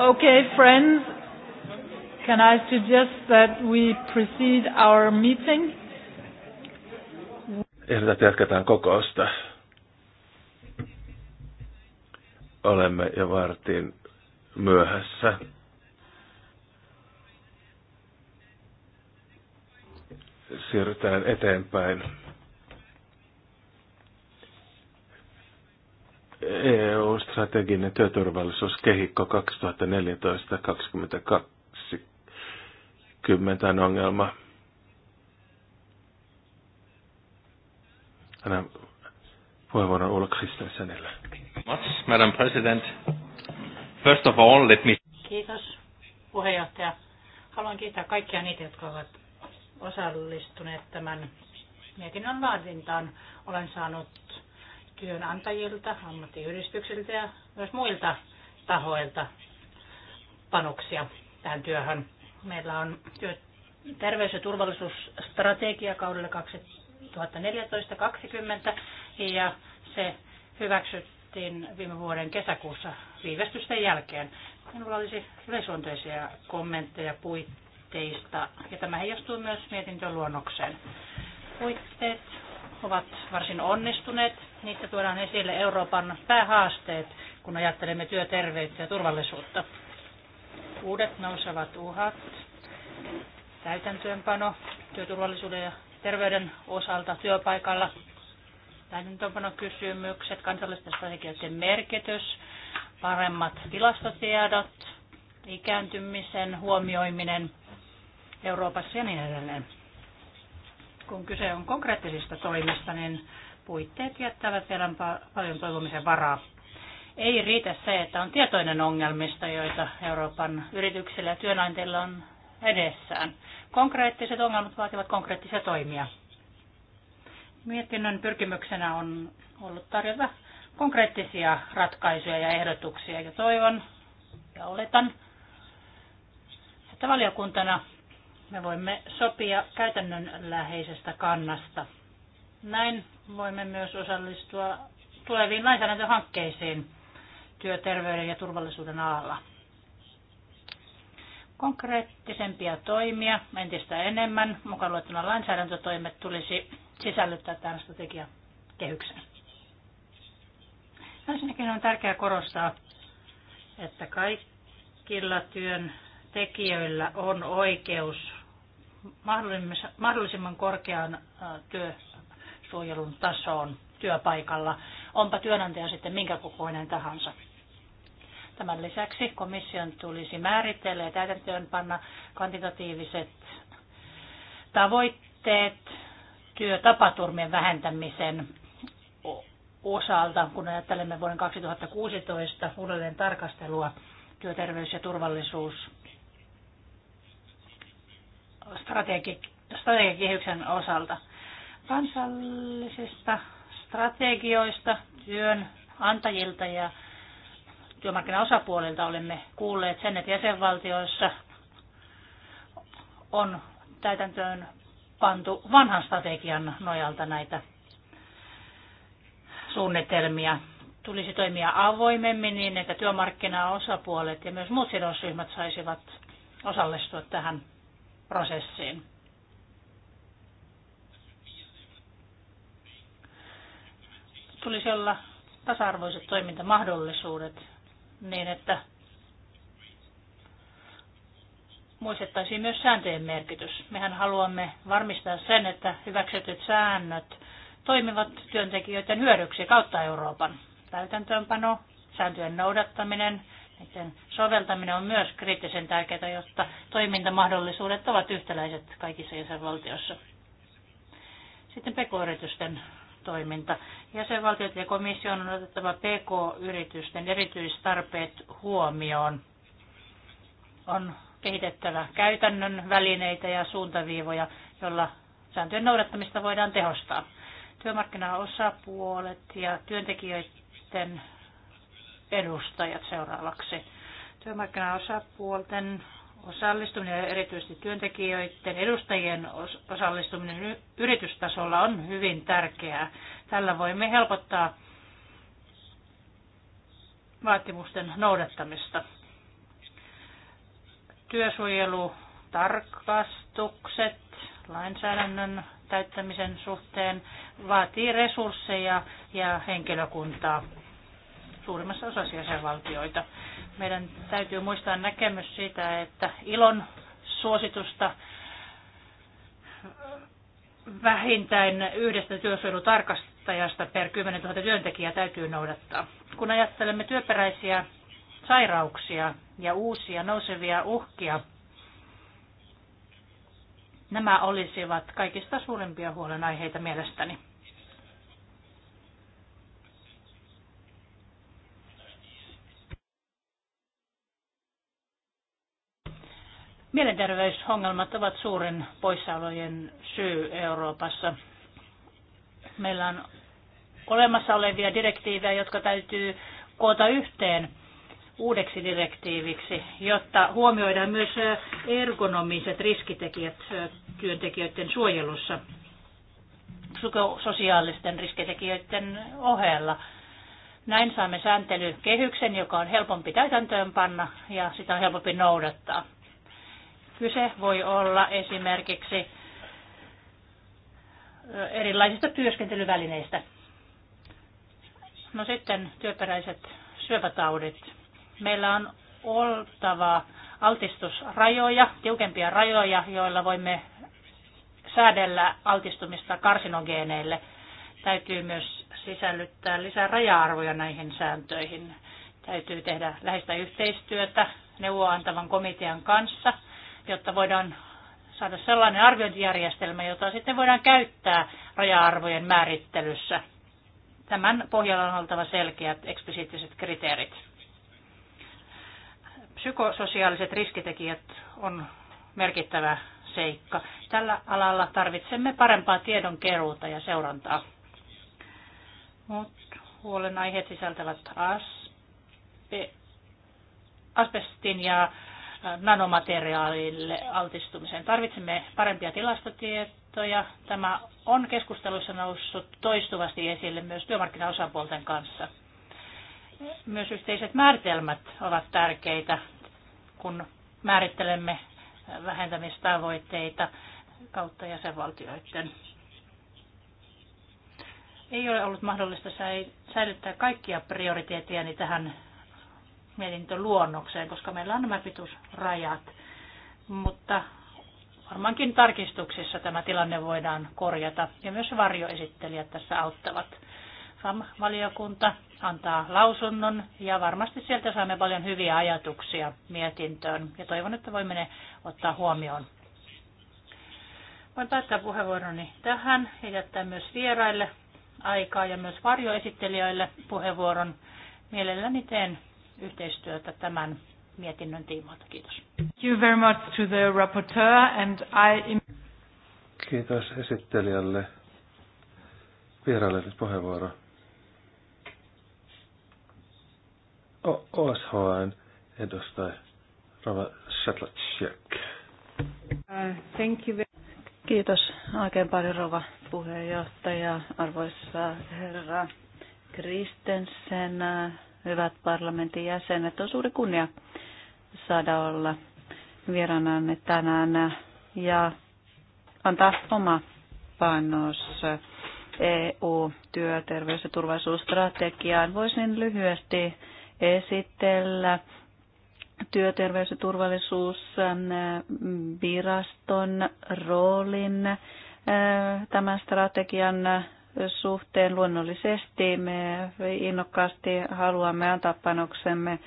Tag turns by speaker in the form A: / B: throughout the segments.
A: Okay, friends,
B: can I suggest that we proceed our meeting?
C: Ehdotat jatketaan kokousta. Olemme jo vartin myöhässä. Siirrytään eteenpäin. EU-strateginen työturvallisuuskehikko 2014-2020 ongelma. Anna puheenvuoron Ulla Kristensenille. Madam President. First of all, let me...
B: Kiitos puheenjohtaja. Haluan kiittää kaikkia niitä, jotka ovat osallistuneet tämän mietinnön laadintaan. Olen saanut työnantajilta, ammattiyhdistyksiltä ja myös muilta tahoilta panoksia tähän työhön. Meillä on työ, terveys- ja turvallisuusstrategia kaudelle 2014-2020 ja se hyväksyttiin viime vuoden kesäkuussa viivästysten jälkeen. Minulla olisi yleisluonteisia kommentteja puitteista ja tämä heijastuu myös mietintöluonnokseen. Puitteet ovat varsin onnistuneet. Niissä tuodaan esille Euroopan päähaasteet, kun ajattelemme työterveyttä ja turvallisuutta. Uudet nousevat uhat, täytäntöönpano työturvallisuuden ja terveyden osalta työpaikalla, kysymykset kansallisten strategioiden merkitys, paremmat tilastotiedot, ikääntymisen huomioiminen Euroopassa ja niin edelleen kun kyse on konkreettisista toimista, niin puitteet jättävät vielä paljon toivomisen varaa. Ei riitä se, että on tietoinen ongelmista, joita Euroopan yrityksillä ja työnantajilla on edessään. Konkreettiset ongelmat vaativat konkreettisia toimia. Mietinnön pyrkimyksenä on ollut tarjota konkreettisia ratkaisuja ja ehdotuksia, ja toivon ja oletan, että valiokuntana me voimme sopia käytännönläheisestä kannasta. Näin voimme myös osallistua tuleviin lainsäädäntöhankkeisiin työterveyden ja turvallisuuden alalla. Konkreettisempia toimia entistä enemmän, mukaan luettuna lainsäädäntötoimet, tulisi sisällyttää tämän strategiakehykseen. Ensinnäkin on tärkeää korostaa, että kaikilla työn tekijöillä on oikeus mahdollisimman korkean työsuojelun tasoon työpaikalla, onpa työnantaja sitten minkä kokoinen tahansa. Tämän lisäksi komission tulisi määritellä ja täytäntöönpanna kvantitatiiviset tavoitteet työtapaturmien vähentämisen osalta, kun ajattelemme vuoden 2016 uudelleen tarkastelua työterveys ja turvallisuus strategi, strategikehyksen osalta. Kansallisista strategioista työnantajilta ja työmarkkinaosapuolilta olemme kuulleet sen, että jäsenvaltioissa on täytäntöön pantu vanhan strategian nojalta näitä suunnitelmia. Tulisi toimia avoimemmin niin, että työmarkkinaosapuolet ja myös muut sidosryhmät saisivat osallistua tähän prosessiin. Tulisi olla tasa-arvoiset toimintamahdollisuudet niin, että muistettaisiin myös sääntöjen merkitys. Mehän haluamme varmistaa sen, että hyväksytyt säännöt toimivat työntekijöiden hyödyksi kautta Euroopan. Täytäntöönpano, sääntöjen noudattaminen, sen soveltaminen on myös kriittisen tärkeää, jotta toimintamahdollisuudet ovat yhtäläiset kaikissa jäsenvaltioissa. Sitten pk-yritysten toiminta. Jäsenvaltiot ja komissio on otettava pk-yritysten erityistarpeet huomioon. On kehitettävä käytännön välineitä ja suuntaviivoja, joilla sääntöjen noudattamista voidaan tehostaa. Työmarkkinaosapuolet ja työntekijöiden edustajat seuraavaksi. Työmarkkinaosapuolten osallistuminen ja erityisesti työntekijöiden edustajien osallistuminen yritystasolla on hyvin tärkeää. Tällä voimme helpottaa vaatimusten noudattamista. Työsuojelutarkastukset lainsäädännön täyttämisen suhteen vaatii resursseja ja henkilökuntaa suurimmassa osassa jäsenvaltioita. Meidän täytyy muistaa näkemys siitä, että ilon suositusta vähintään yhdestä työsuojelutarkastajasta per 10 000 työntekijää täytyy noudattaa. Kun ajattelemme työperäisiä sairauksia ja uusia nousevia uhkia, nämä olisivat kaikista suurimpia huolenaiheita mielestäni. Mielenterveysongelmat ovat suurin poissaolojen syy Euroopassa. Meillä on olemassa olevia direktiivejä, jotka täytyy koota yhteen uudeksi direktiiviksi, jotta huomioidaan myös ergonomiset riskitekijät työntekijöiden suojelussa sosiaalisten riskitekijöiden ohella. Näin saamme sääntelykehyksen, joka on helpompi täytäntöönpanna ja sitä on helpompi noudattaa. Kyse voi olla esimerkiksi erilaisista työskentelyvälineistä. No sitten työperäiset syöpätaudit. Meillä on oltava altistusrajoja, tiukempia rajoja, joilla voimme säädellä altistumista karsinogeeneille. Täytyy myös sisällyttää lisää raja-arvoja näihin sääntöihin. Täytyy tehdä läheistä yhteistyötä neuvoantavan komitean kanssa – jotta voidaan saada sellainen arviointijärjestelmä, jota sitten voidaan käyttää raja-arvojen määrittelyssä. Tämän pohjalla on oltava selkeät eksplisiittiset kriteerit. Psykososiaaliset riskitekijät on merkittävä seikka. Tällä alalla tarvitsemme parempaa tiedonkeruuta ja seurantaa. Mut huolenaiheet sisältävät asbestin ja nanomateriaalille altistumiseen. Tarvitsemme parempia tilastotietoja. Tämä on keskusteluissa noussut toistuvasti esille myös työmarkkinaosapuolten kanssa. Myös yhteiset määritelmät ovat tärkeitä, kun määrittelemme vähentämistavoitteita kautta jäsenvaltioiden. Ei ole ollut mahdollista säilyttää kaikkia prioriteettiani tähän luonnokseen, koska meillä on nämä pituusrajat. Mutta varmaankin tarkistuksissa tämä tilanne voidaan korjata ja myös varjoesittelijät tässä auttavat. FAM-valiokunta antaa lausunnon ja varmasti sieltä saamme paljon hyviä ajatuksia mietintöön ja toivon, että voimme ne ottaa huomioon. Voin päättää puheenvuoroni tähän ja jättää myös vieraille aikaa ja myös varjoesittelijöille puheenvuoron. Mielelläni teen yhteistyötä tämän mietinnön tiimoilta. Kiitos. Thank you very much to the rapporteur and I...
C: Kiitos esittelijälle. Vieraille nyt puheenvuoro. OSHN edustaja Rava Shatlatschek. Uh,
A: thank you very Kiitos oikein paljon Rova puheenjohtaja, arvoisa herra Kristensen, hyvät parlamentin jäsenet. On suuri kunnia saada olla vieraananne tänään ja antaa oma panos eu työterveys- ja turvallisuusstrategiaan. Voisin lyhyesti esitellä työterveys- ja turvallisuusviraston roolin tämän strategian suhteen. Luonnollisesti me innokkaasti haluamme antaa panoksemme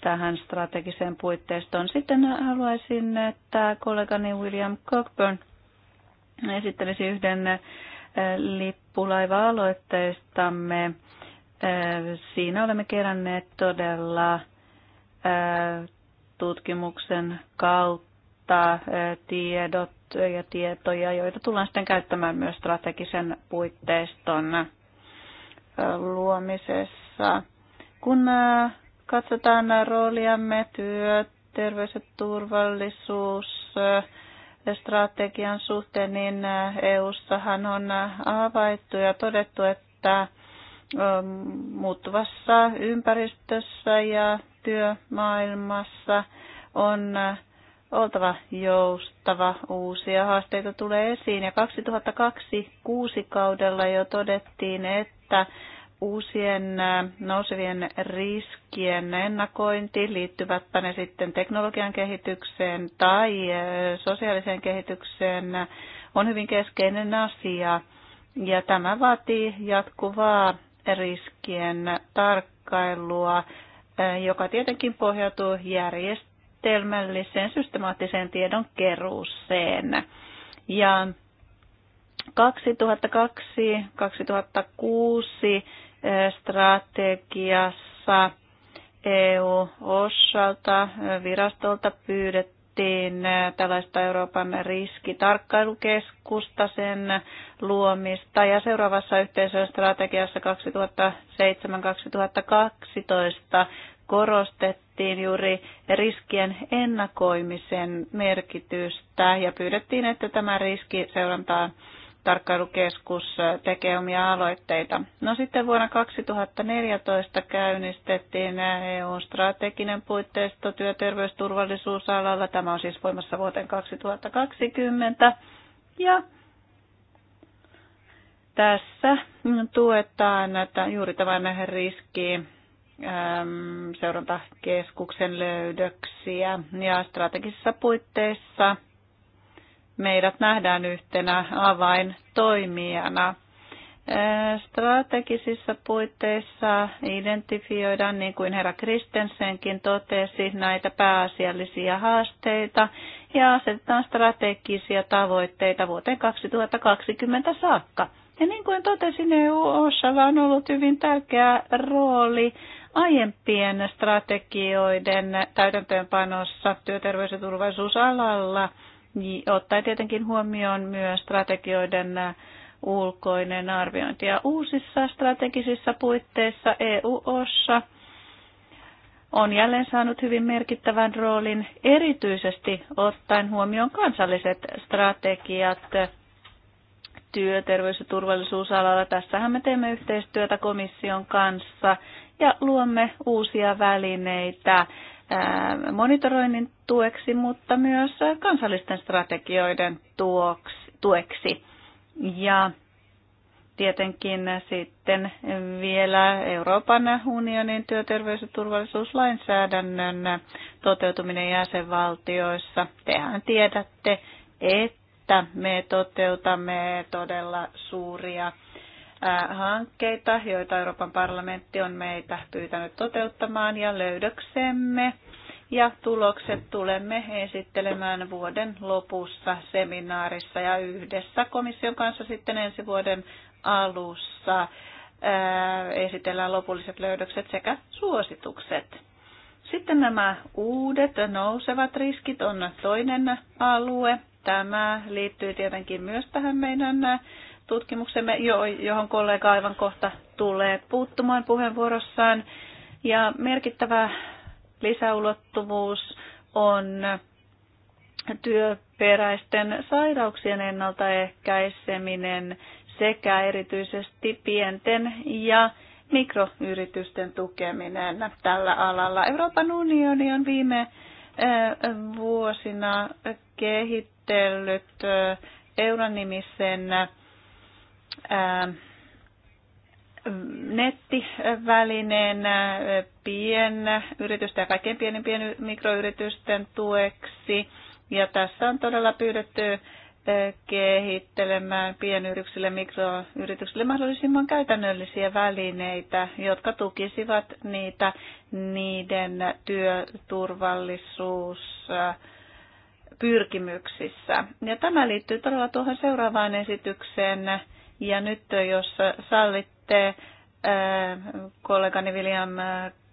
A: tähän strategiseen puitteistoon. Sitten haluaisin, että kollegani William Cockburn esittelisi yhden eh, lippulaiva-aloitteistamme. Eh, siinä olemme keränneet todella eh, tutkimuksen kautta tiedot ja tietoja, joita tullaan sitten käyttämään myös strategisen puitteiston äh, luomisessa. Kun äh, katsotaan rooliamme, työ, terveys ja turvallisuus, äh, strategian suhteen, niin EU-ssahan on havaittu ja todettu, että muuttuvassa ympäristössä ja työmaailmassa on oltava joustava. Uusia haasteita tulee esiin ja 2002 kaudella jo todettiin, että uusien nousevien riskien ennakointi, liittyvätpä ne sitten teknologian kehitykseen tai sosiaaliseen kehitykseen, on hyvin keskeinen asia. Ja tämä vaatii jatkuvaa riskien tarkkailua, joka tietenkin pohjautuu järjestelmään järjestelmälliseen systemaattiseen tiedon keruuseen. Ja 2002-2006 eh, strategiassa EU-osalta eh, virastolta pyydettiin eh, tällaista Euroopan riskitarkkailukeskusta sen luomista ja seuraavassa yhteisön strategiassa 2007-2012 korostettiin juuri riskien ennakoimisen merkitystä ja pyydettiin, että tämä riski seurantaa tarkkailukeskus tekee omia aloitteita. No sitten vuonna 2014 käynnistettiin EU-strateginen puitteisto työterveysturvallisuusalalla. Tämä on siis voimassa vuoteen 2020. Ja tässä tuetaan että juuri tämän riskiin Ähm, seurantakeskuksen löydöksiä ja strategisissa puitteissa meidät nähdään yhtenä avaintoimijana. Äh, strategisissa puitteissa identifioidaan, niin kuin herra Kristensenkin totesi, näitä pääasiallisia haasteita ja asetetaan strategisia tavoitteita vuoteen 2020 saakka. Ja niin kuin totesin, EU-osalla on ollut hyvin tärkeä rooli aiempien strategioiden täytäntöönpanossa työterveys- ja turvallisuusalalla, ottaen tietenkin huomioon myös strategioiden ulkoinen arviointi. Ja uusissa strategisissa puitteissa EU-ossa on jälleen saanut hyvin merkittävän roolin, erityisesti ottaen huomioon kansalliset strategiat työ terveys- ja turvallisuusalalla. Tässähän me teemme yhteistyötä komission kanssa ja luomme uusia välineitä monitoroinnin tueksi, mutta myös kansallisten strategioiden tueksi. Ja tietenkin sitten vielä Euroopan unionin työterveys- ja turvallisuuslainsäädännön toteutuminen jäsenvaltioissa. Tehän tiedätte, että että me toteutamme todella suuria hankkeita, joita Euroopan parlamentti on meitä pyytänyt toteuttamaan ja löydöksemme ja tulokset tulemme esittelemään vuoden lopussa seminaarissa ja yhdessä komission kanssa sitten ensi vuoden alussa esitellään lopulliset löydökset sekä suositukset. Sitten nämä uudet nousevat riskit on toinen alue, Tämä liittyy tietenkin myös tähän meidän äh, tutkimuksemme, johon kollega aivan kohta tulee puuttumaan puheenvuorossaan. Ja merkittävä lisäulottuvuus on työperäisten sairauksien ennaltaehkäiseminen sekä erityisesti pienten ja mikroyritysten tukeminen tällä alalla. Euroopan unioni on viime äh, vuosina kehittynyt esitellyt Euronimisen nettivälineen pien yritysten ja kaikkein pienimpien mikroyritysten tueksi. Ja tässä on todella pyydetty kehittelemään pienyrityksille, mikroyrityksille mahdollisimman käytännöllisiä välineitä, jotka tukisivat niitä niiden työturvallisuus, pyrkimyksissä. Ja tämä liittyy todella tuohon seuraavaan esitykseen. Ja nyt jos sallitte, äh, kollegani William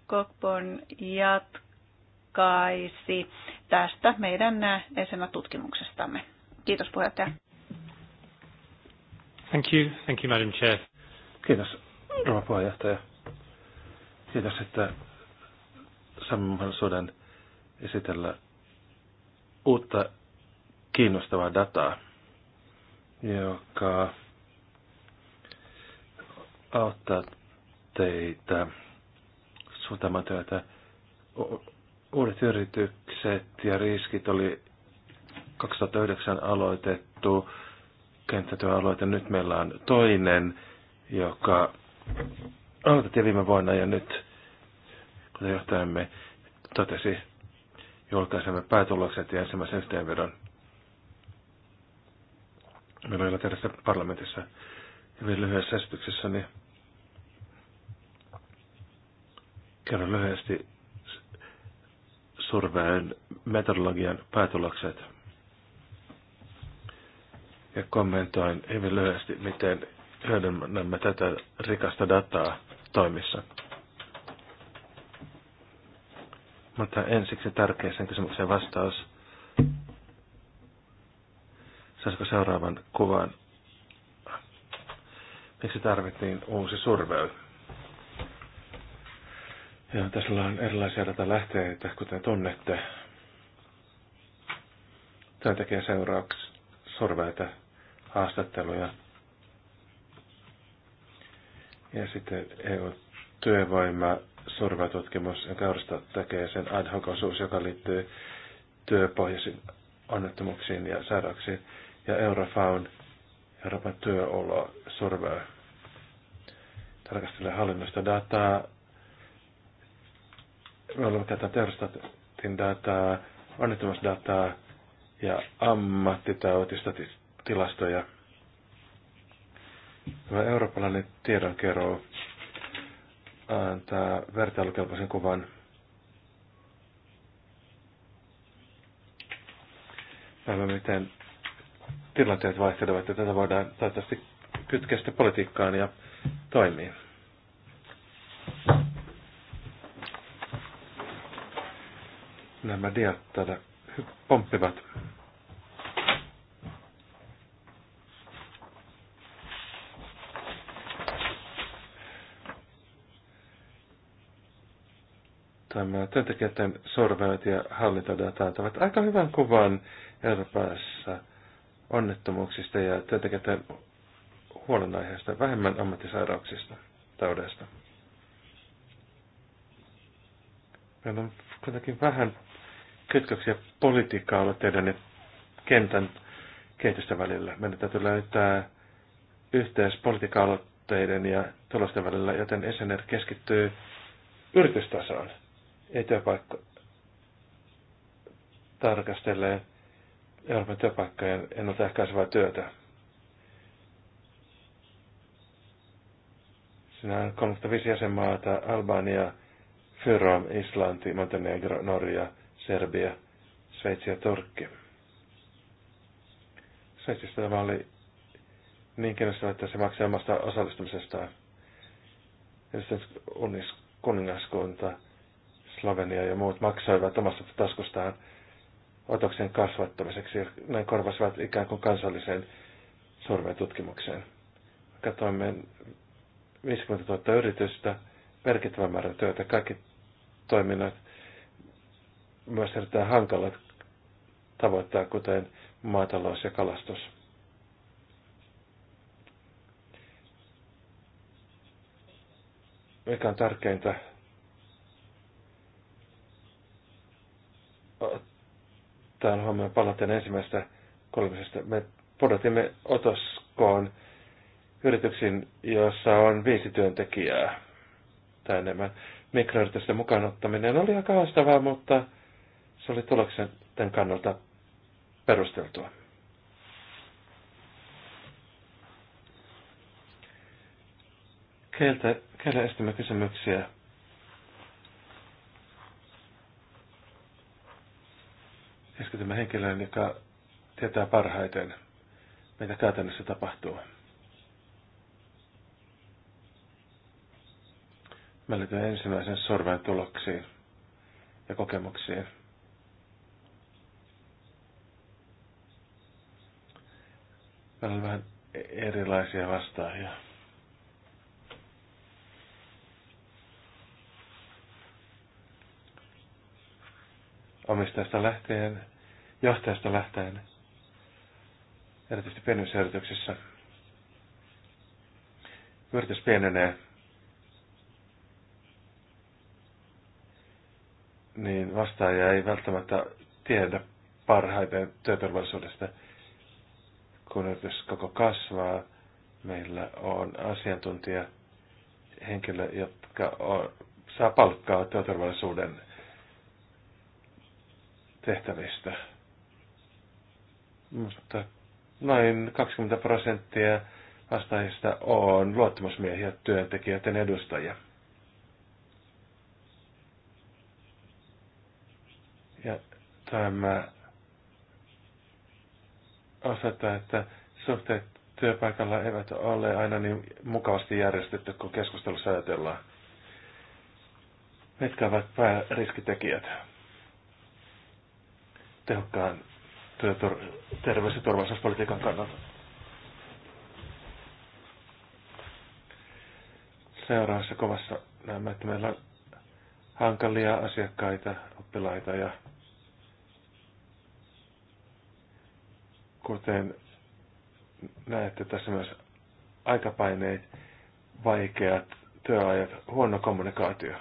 A: Cockburn jatkaisi tästä meidän esimä tutkimuksestamme Kiitos puheenjohtaja.
B: Thank you.
C: Thank you, Madam Chair. Kiitos, rouva puheenjohtaja. Kiitos, että saamme mahdollisuuden esitellä uutta kiinnostavaa dataa, joka auttaa teitä suuntaamaan työtä. Uudet yritykset ja riskit oli 2009 aloitettu kenttätyöaloite. Nyt meillä on toinen, joka aloitettiin viime vuonna ja nyt, kuten johtajamme totesi, julkaisemme päätulokset ja ensimmäisen yhteenvedon. Meillä oli tässä parlamentissa hyvin lyhyessä esityksessä, niin kerron lyhyesti surveen metodologian päätulokset ja kommentoin hyvin lyhyesti, miten hyödynnämme tätä rikasta dataa toimissa. Mutta ensiksi tärkeäseen kysymykseen vastaus. Saisiko seuraavan kuvan? Miksi tarvittiin uusi survey? Ja tässä on erilaisia datalähteitä, kuten tunnette. Tämä tekee seuraavaksi sorveita, haastatteluja. Ja sitten EU-työvoima survatutkimus, jonka Eurosta tekee sen ad hoc joka liittyy työpohjaisiin onnettomuuksiin ja sairauksiin, ja Eurofound, Euroopan työolo survey tarkastelee hallinnosta dataa. Me olemme tätä Eurostatin dataa, onnettomuusdataa ja ammattitautista tilastoja. Tämä eurooppalainen tiedonkeruu antaa vertailukelpoisen kuvan. Näemme, miten tilanteet vaihtelevat ja tätä voidaan toivottavasti kytkeä politiikkaan ja toimii. Nämä diat täällä pomppivat Nämä työntekijöiden sorveet ja hallintadatat antavat aika hyvän kuvan Euroopassa onnettomuuksista ja työntekijöiden huolenaiheista, vähemmän ammattisairauksista, taudeista. Meillä on kuitenkin vähän kytköksiä politiikkaa teidän kentän kehitystä välillä. Meidän täytyy löytää yhteys politiikka ja tulosten välillä, joten SNR keskittyy yritystasoon työpaikka tarkastelee Euroopan työpaikkojen ennaltaehkäisevää työtä. Siinä on 35 jäsenmaata, Albania, Fyrom, Islanti, Montenegro, Norja, Serbia, Sveitsi ja Turkki. Sveitsistä tämä oli niin kiinnostava, että se maksaa omasta osallistumisestaan. Ja sitten kuningaskunta Slovenia ja muut maksoivat omasta taskustaan otoksen kasvattamiseksi ja näin korvasivat ikään kuin kansalliseen tutkimukseen. Katoimme 50 000 yritystä, merkittävä määrä työtä, kaikki toiminnat myös erittäin hankalat tavoittaa, kuten maatalous ja kalastus. Mikä on tärkeintä, tämän huomioon palautteen ensimmäisestä kolmisesta. Me pudotimme otoskoon yrityksiin, joissa on viisi työntekijää tai enemmän. Mikroyritysten mukaan ottaminen oli aika haastavaa, mutta se oli tuloksen kannalta perusteltua. Keiltä, keille esitämme kysymyksiä? keskitymme henkilöön, joka tietää parhaiten, mitä käytännössä tapahtuu. Mä liityn ensimmäisen sorven tuloksiin ja kokemuksiin. Meillä on vähän erilaisia vastaajia. omistajasta lähteen, johtajasta lähteen, erityisesti pienissä yrityksissä. Yritys pienenee, niin vastaaja ei välttämättä tiedä parhaiten työturvallisuudesta. Kun yritys koko kasvaa, meillä on asiantuntija henkilö, jotka on, saa palkkaa työturvallisuuden tehtävistä. Mutta noin 20 prosenttia vastaajista on luottamusmiehiä, työntekijöiden edustajia. Ja tämä osoittaa, että suhteet työpaikalla eivät ole aina niin mukavasti järjestetty, kun keskustelussa ajatellaan. Mitkä ovat pääriskitekijät? tehokkaan terveys- ja turvallisuuspolitiikan kannalta. Seuraavassa kovassa näemme, että meillä on hankalia asiakkaita, oppilaita ja kuten näette tässä myös aikapaineet, vaikeat työajat, huono kommunikaatio.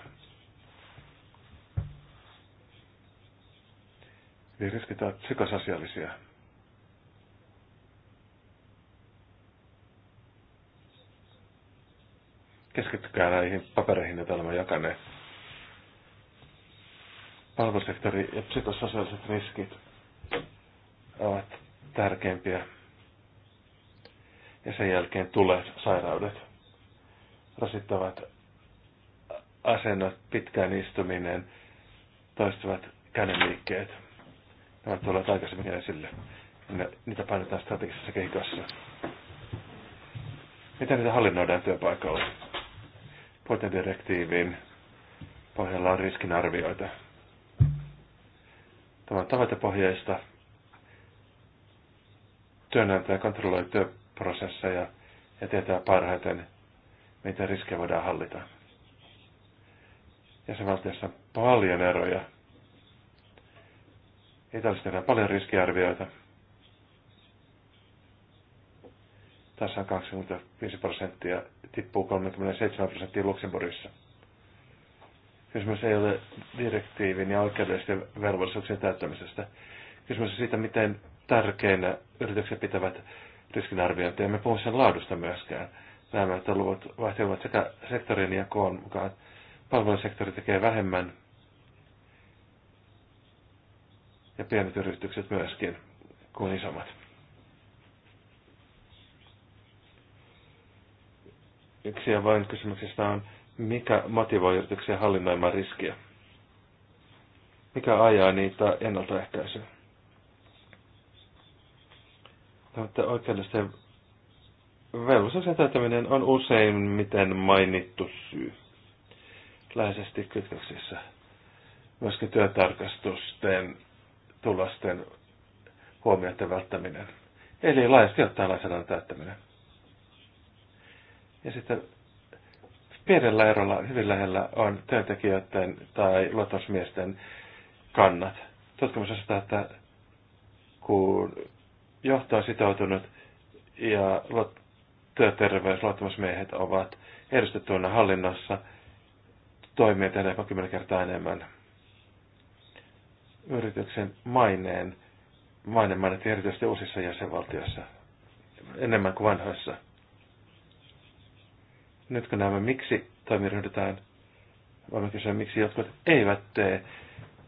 C: Eli niin riskit ovat psykososiaalisia. Keskittykää näihin papereihin, joita olemme jakaneet. Palvelusektori ja psykososiaaliset riskit ovat tärkeimpiä. Ja sen jälkeen tulee sairaudet. Rasittavat asennot, pitkään istuminen, toistuvat kädenliikkeet. Nämä tulevat aikaisemmin esille. Niitä painetaan strategisessa kehikossa. Miten niitä hallinnoidaan työpaikalla? Puitedirektiivin pohjalla on riskinarvioita. Tämä on tavoitepohjeista. Työnantaja kontrolloi työprosesseja ja tietää parhaiten, miten riskejä voidaan hallita. Jäsenvaltiossa on paljon eroja tarvitse tehdä paljon riskiarvioita. Tässä on 25 prosenttia, tippuu 37 prosenttia Luxemburgissa. Kysymys ei ole direktiivin ja oikeudellisten velvollisuuksien täyttämisestä. Kysymys on siitä, miten tärkeinä yritykset pitävät riskinarviointia. Me puhumme sen laadusta myöskään. Nämä luvut vaihtelevat sekä sektorin ja koon mukaan. Palvelusektori tekee vähemmän ja pienet yritykset myöskin kuin isommat. Yksi ja vain kysymyksestä on, mikä motivoi yrityksiä hallinnoimaan riskiä? Mikä ajaa niitä ennaltaehkäisyyn? Tämä oikeudellisten velvollisuuksien täyttäminen on usein miten mainittu syy. Läheisesti kytköksissä myöskin työtarkastusten tulosten huomioiden välttäminen. Eli laajasti ottaen lainsäädännön täyttäminen. Ja sitten pienellä erolla hyvin lähellä on työntekijöiden tai luottamusmiesten kannat. Tutkimus osoittaa, että kun johto on sitoutunut ja työterveys, luottamusmiehet ovat edustettuina hallinnossa, toimii tehdään jopa kymmenen kertaa enemmän – yrityksen maineen, maine mainittiin erityisesti uusissa jäsenvaltioissa, enemmän kuin vanhoissa. Nyt kun näemme, miksi toimi ryhdytään, voimme kysyä, miksi jotkut eivät tee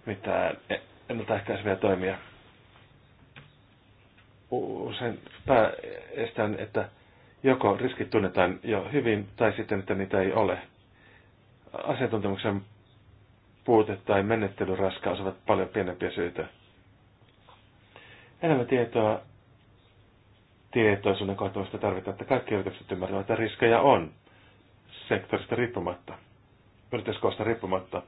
C: mitään e- ennaltaehkäiseviä toimia. Usein pääestään, että joko riskit tunnetaan jo hyvin, tai sitten, että niitä ei ole. Asiantuntemuksen puute tai menettelyraskaus ovat paljon pienempiä syitä. Enemmän tietoa tietoisuuden kohtamista tarvitaan, että kaikki yritykset ymmärtävät, että riskejä on sektorista riippumatta, yrityskoosta riippumatta.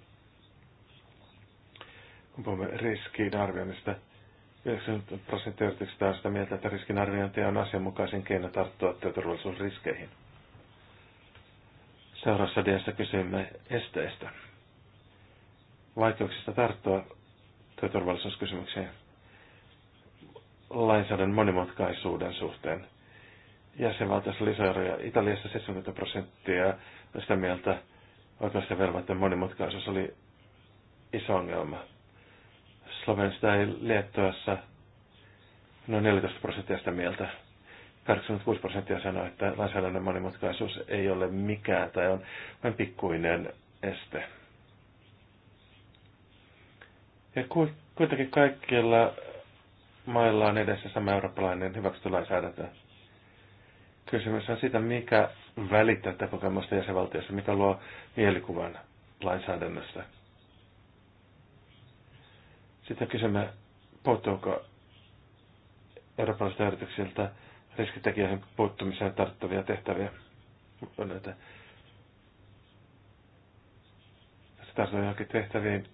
C: Kun puhumme riskin arvioinnista, 90 prosenttia yrityksistä on sitä mieltä, että arviointi on asianmukaisin keino tarttua työturvallisuusriskeihin. Seuraavassa diassa kysymme esteistä vaikeuksista tarttua työturvallisuuskysymykseen lainsäädännön monimutkaisuuden suhteen. Jäsenvaltiossa lisäeroja. Italiassa 70 prosenttia sitä mieltä oikeus- velvoitteen monimutkaisuus oli iso ongelma. Slovenista ei Liettuassa noin 14 prosenttia sitä mieltä. 86 prosenttia sanoi, että lainsäädännön monimutkaisuus ei ole mikään tai on vain pikkuinen este. Ja kuitenkin kaikilla mailla on edessä sama eurooppalainen hyväksytty lainsäädäntö. Kysymys on siitä, mikä välittää tätä kokemusta jäsenvaltiossa, mikä luo mielikuvan lainsäädännöstä. Sitten kysymme, puuttuuko eurooppalaisilta yrityksiltä riskitekijöihin puuttumiseen tarttuvia tehtäviä. Tässä tarttuu johonkin tehtäviin,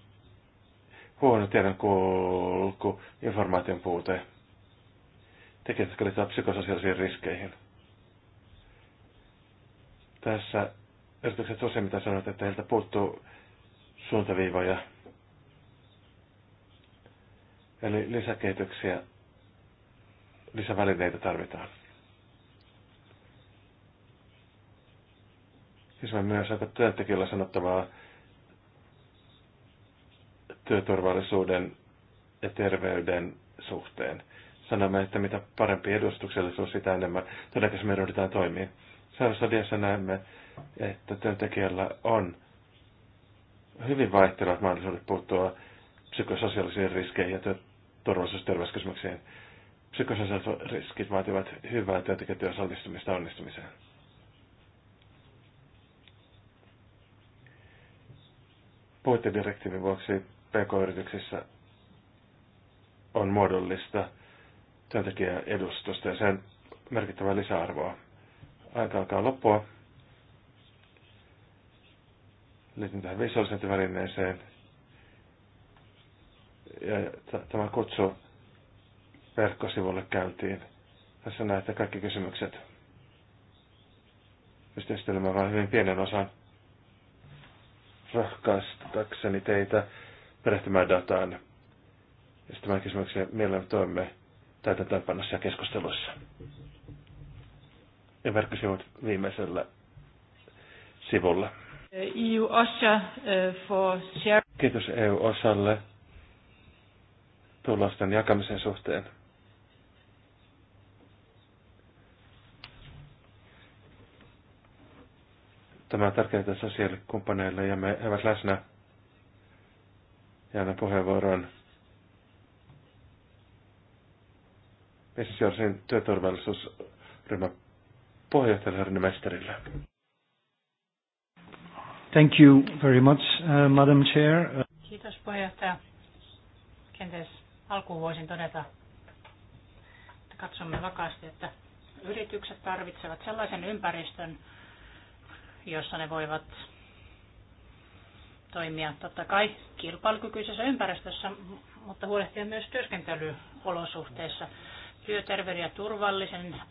C: huono kulku, informaation puute, tekijät liittyvät psykososiaalisiin riskeihin. Tässä yritykset mitä sanoit, että heiltä puuttuu suuntaviivoja, eli lisäkehityksiä, lisävälineitä tarvitaan. Siis mä myös aika työntekijöillä sanottavaa työturvallisuuden ja terveyden suhteen. Sanomme, että mitä parempi edustuksellisuus, sitä enemmän todennäköisesti ryhdytään toimia. Seuraavassa diassa näemme, että työntekijällä on hyvin vaihtelevat mahdollisuudet puuttua psykososiaalisiin riskeihin ja turvallisuus- ja terveyskysymyksiin. Psykososiaaliset riskit vaativat hyvää työntekijätyön osallistumista onnistumiseen. puitedirektiivin vuoksi PK-yrityksissä on muodollista työntekijäedustusta ja sen merkittävää lisäarvoa. Aika alkaa loppua. Liitin tähän visualisointivälineeseen. Ja tämä kutsu verkkosivulle käyntiin. Tässä näette kaikki kysymykset. Pystyn esittelemään vain hyvin pienen osan rohkaistakseni teitä perehtymään dataan. Ja sitten kysymykseen mielellämme toimme täytäntöönpannossa ja keskusteluissa. Ja verkkosivut viimeisellä sivulla.
A: EU OSHA uh, for share.
C: Kiitos EU OSHAlle tulosten jakamisen suhteen. Tämä on tärkeää sosiaalikumppaneille ja me ovat läsnä ja annan puheenvuoron Vesisjärsin työturvallisuusryhmä puheenjohtajalle Arne Mesterille. Thank you very much, uh, Madam Chair.
B: Kiitos puheenjohtaja. Kenties alkuun voisin todeta, että katsomme vakaasti, että yritykset tarvitsevat sellaisen ympäristön, jossa ne voivat toimia totta kai kilpailukykyisessä ympäristössä, mutta huolehtia myös työskentelyolosuhteissa. Työterveyden ja turvallisen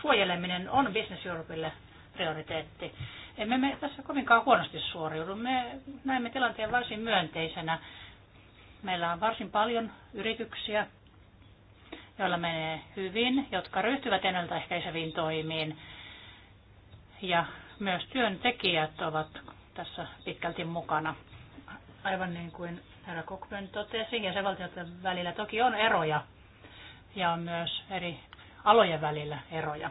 B: suojeleminen on Business Europeille prioriteetti. Emme me tässä kovinkaan huonosti suoriudu. Me näemme tilanteen varsin myönteisenä. Meillä on varsin paljon yrityksiä, joilla menee hyvin, jotka ryhtyvät ennaltaehkäiseviin toimiin. Ja myös työntekijät ovat tässä pitkälti mukana. Aivan niin kuin herra Kokben totesi, jäsenvaltioiden välillä toki on eroja ja on myös eri alojen välillä eroja.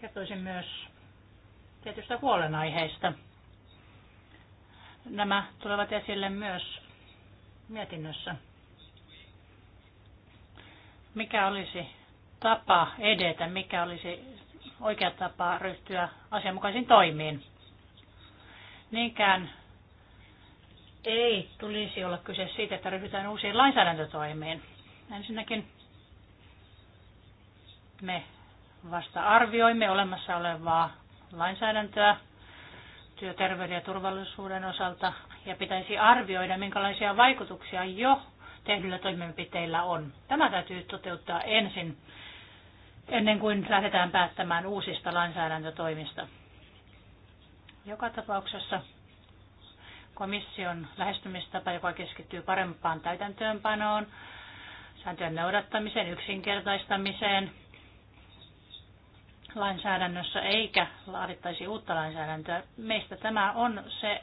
B: Kertoisin myös tietystä huolenaiheista. Nämä tulevat esille myös mietinnössä. Mikä olisi tapa edetä, mikä olisi oikea tapa ryhtyä asianmukaisiin toimiin. Niinkään ei tulisi olla kyse siitä, että ryhdytään uusiin lainsäädäntötoimiin. Ensinnäkin me vasta arvioimme olemassa olevaa lainsäädäntöä työterveyden ja turvallisuuden osalta ja pitäisi arvioida, minkälaisia vaikutuksia jo tehdyillä toimenpiteillä on. Tämä täytyy toteuttaa ensin ennen kuin lähdetään päättämään uusista lainsäädäntötoimista. Joka tapauksessa komission lähestymistapa, joka keskittyy parempaan täytäntöönpanoon, sääntöjen noudattamiseen, yksinkertaistamiseen lainsäädännössä eikä laadittaisi uutta lainsäädäntöä. Meistä tämä on se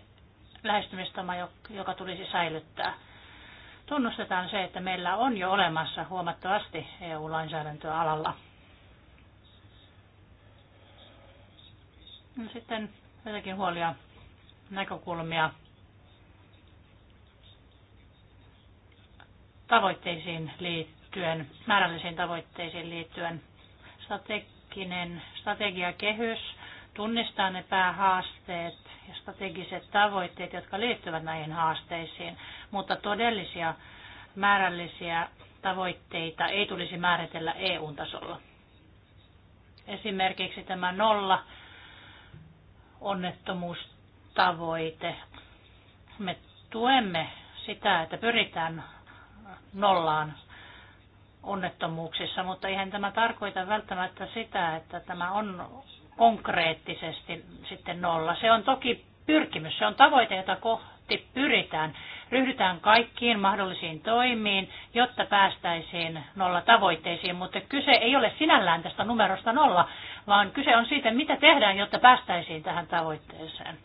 B: lähestymistapa, joka tulisi säilyttää. Tunnustetaan se, että meillä on jo olemassa huomattavasti EU-lainsäädäntöä alalla. No sitten jotakin huolia, näkökulmia tavoitteisiin liittyen, määrällisiin tavoitteisiin liittyen. Strateginen strategiakehys tunnistaa ne päähaasteet ja strategiset tavoitteet, jotka liittyvät näihin haasteisiin, mutta todellisia määrällisiä tavoitteita ei tulisi määritellä EU-tasolla. Esimerkiksi tämä nolla onnettomuustavoite. Me tuemme sitä, että pyritään nollaan onnettomuuksissa, mutta eihän tämä tarkoita välttämättä sitä, että tämä on konkreettisesti sitten nolla. Se on toki pyrkimys, se on tavoite, jota kohti pyritään ryhdytään kaikkiin mahdollisiin toimiin, jotta päästäisiin nolla tavoitteisiin, mutta kyse ei ole sinällään tästä numerosta nolla, vaan kyse on siitä, mitä tehdään, jotta päästäisiin tähän tavoitteeseen.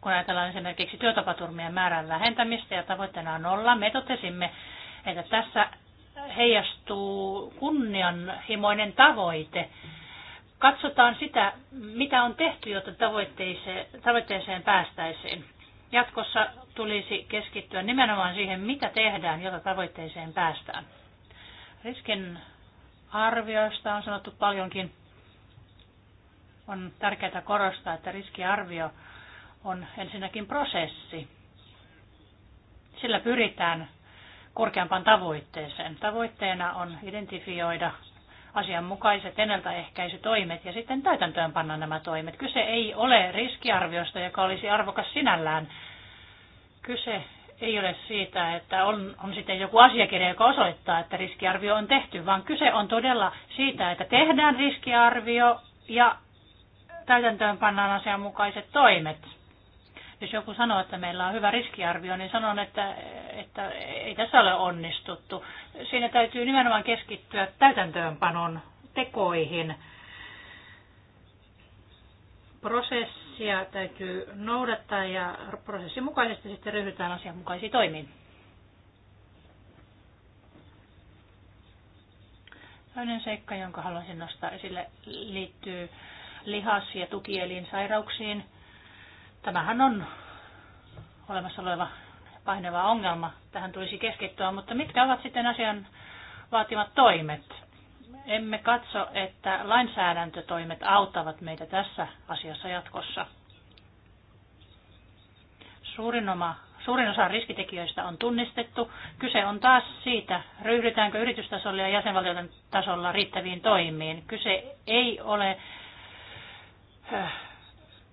B: Kun ajatellaan esimerkiksi työtapaturmien määrän vähentämistä ja tavoitteena on nolla, me totesimme, että tässä heijastuu kunnianhimoinen tavoite. Katsotaan sitä, mitä on tehty, jotta tavoitteeseen, tavoitteeseen päästäisiin. Jatkossa tulisi keskittyä nimenomaan siihen, mitä tehdään, jotta tavoitteeseen päästään. Riskin arvioista on sanottu paljonkin. On tärkeää korostaa, että riskiarvio on ensinnäkin prosessi. Sillä pyritään korkeampaan tavoitteeseen. Tavoitteena on identifioida asianmukaiset ennaltaehkäisytoimet ja sitten täytäntöönpanna nämä toimet. Kyse ei ole riskiarviosta, joka olisi arvokas sinällään. Kyse ei ole siitä, että on, on sitten joku asiakirja, joka osoittaa, että riskiarvio on tehty, vaan kyse on todella siitä, että tehdään riskiarvio ja täytäntöön pannaan asianmukaiset toimet. Jos joku sanoo, että meillä on hyvä riskiarvio, niin sanon, että että ei tässä ole onnistuttu. Siinä täytyy nimenomaan keskittyä täytäntöönpanon tekoihin. Prosessia täytyy noudattaa ja prosessin mukaisesti sitten ryhdytään asianmukaisiin toimiin. Toinen seikka, jonka haluaisin nostaa esille, liittyy lihas- ja tukielinsairauksiin. Tämähän on olemassa oleva painava ongelma. Tähän tulisi keskittyä, mutta mitkä ovat sitten asian vaatimat toimet? Emme katso, että lainsäädäntötoimet auttavat meitä tässä asiassa jatkossa. Suurin, oma, suurin osa riskitekijöistä on tunnistettu. Kyse on taas siitä, ryhdytäänkö yritystasolla ja jäsenvaltioiden tasolla riittäviin toimiin. Kyse ei ole äh,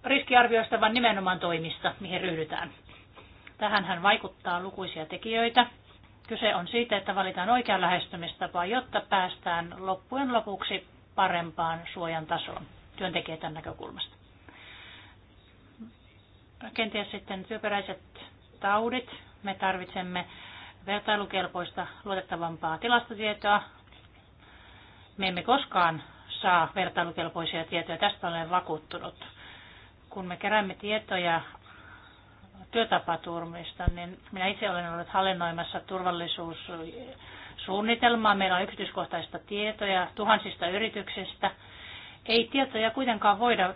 B: riskiarvioista, vaan nimenomaan toimista, mihin ryhdytään. Tähän hän vaikuttaa lukuisia tekijöitä. Kyse on siitä, että valitaan oikea lähestymistapa, jotta päästään loppujen lopuksi parempaan suojan tasoon työntekijän näkökulmasta. Kenties sitten työperäiset taudit. Me tarvitsemme vertailukelpoista, luotettavampaa tilastotietoa. Me emme koskaan saa vertailukelpoisia tietoja, tästä olen vakuuttunut. Kun me keräämme tietoja työtapaturmista, niin minä itse olen ollut hallinnoimassa turvallisuussuunnitelmaa. Meillä on yksityiskohtaista tietoja tuhansista yrityksistä. Ei tietoja kuitenkaan voida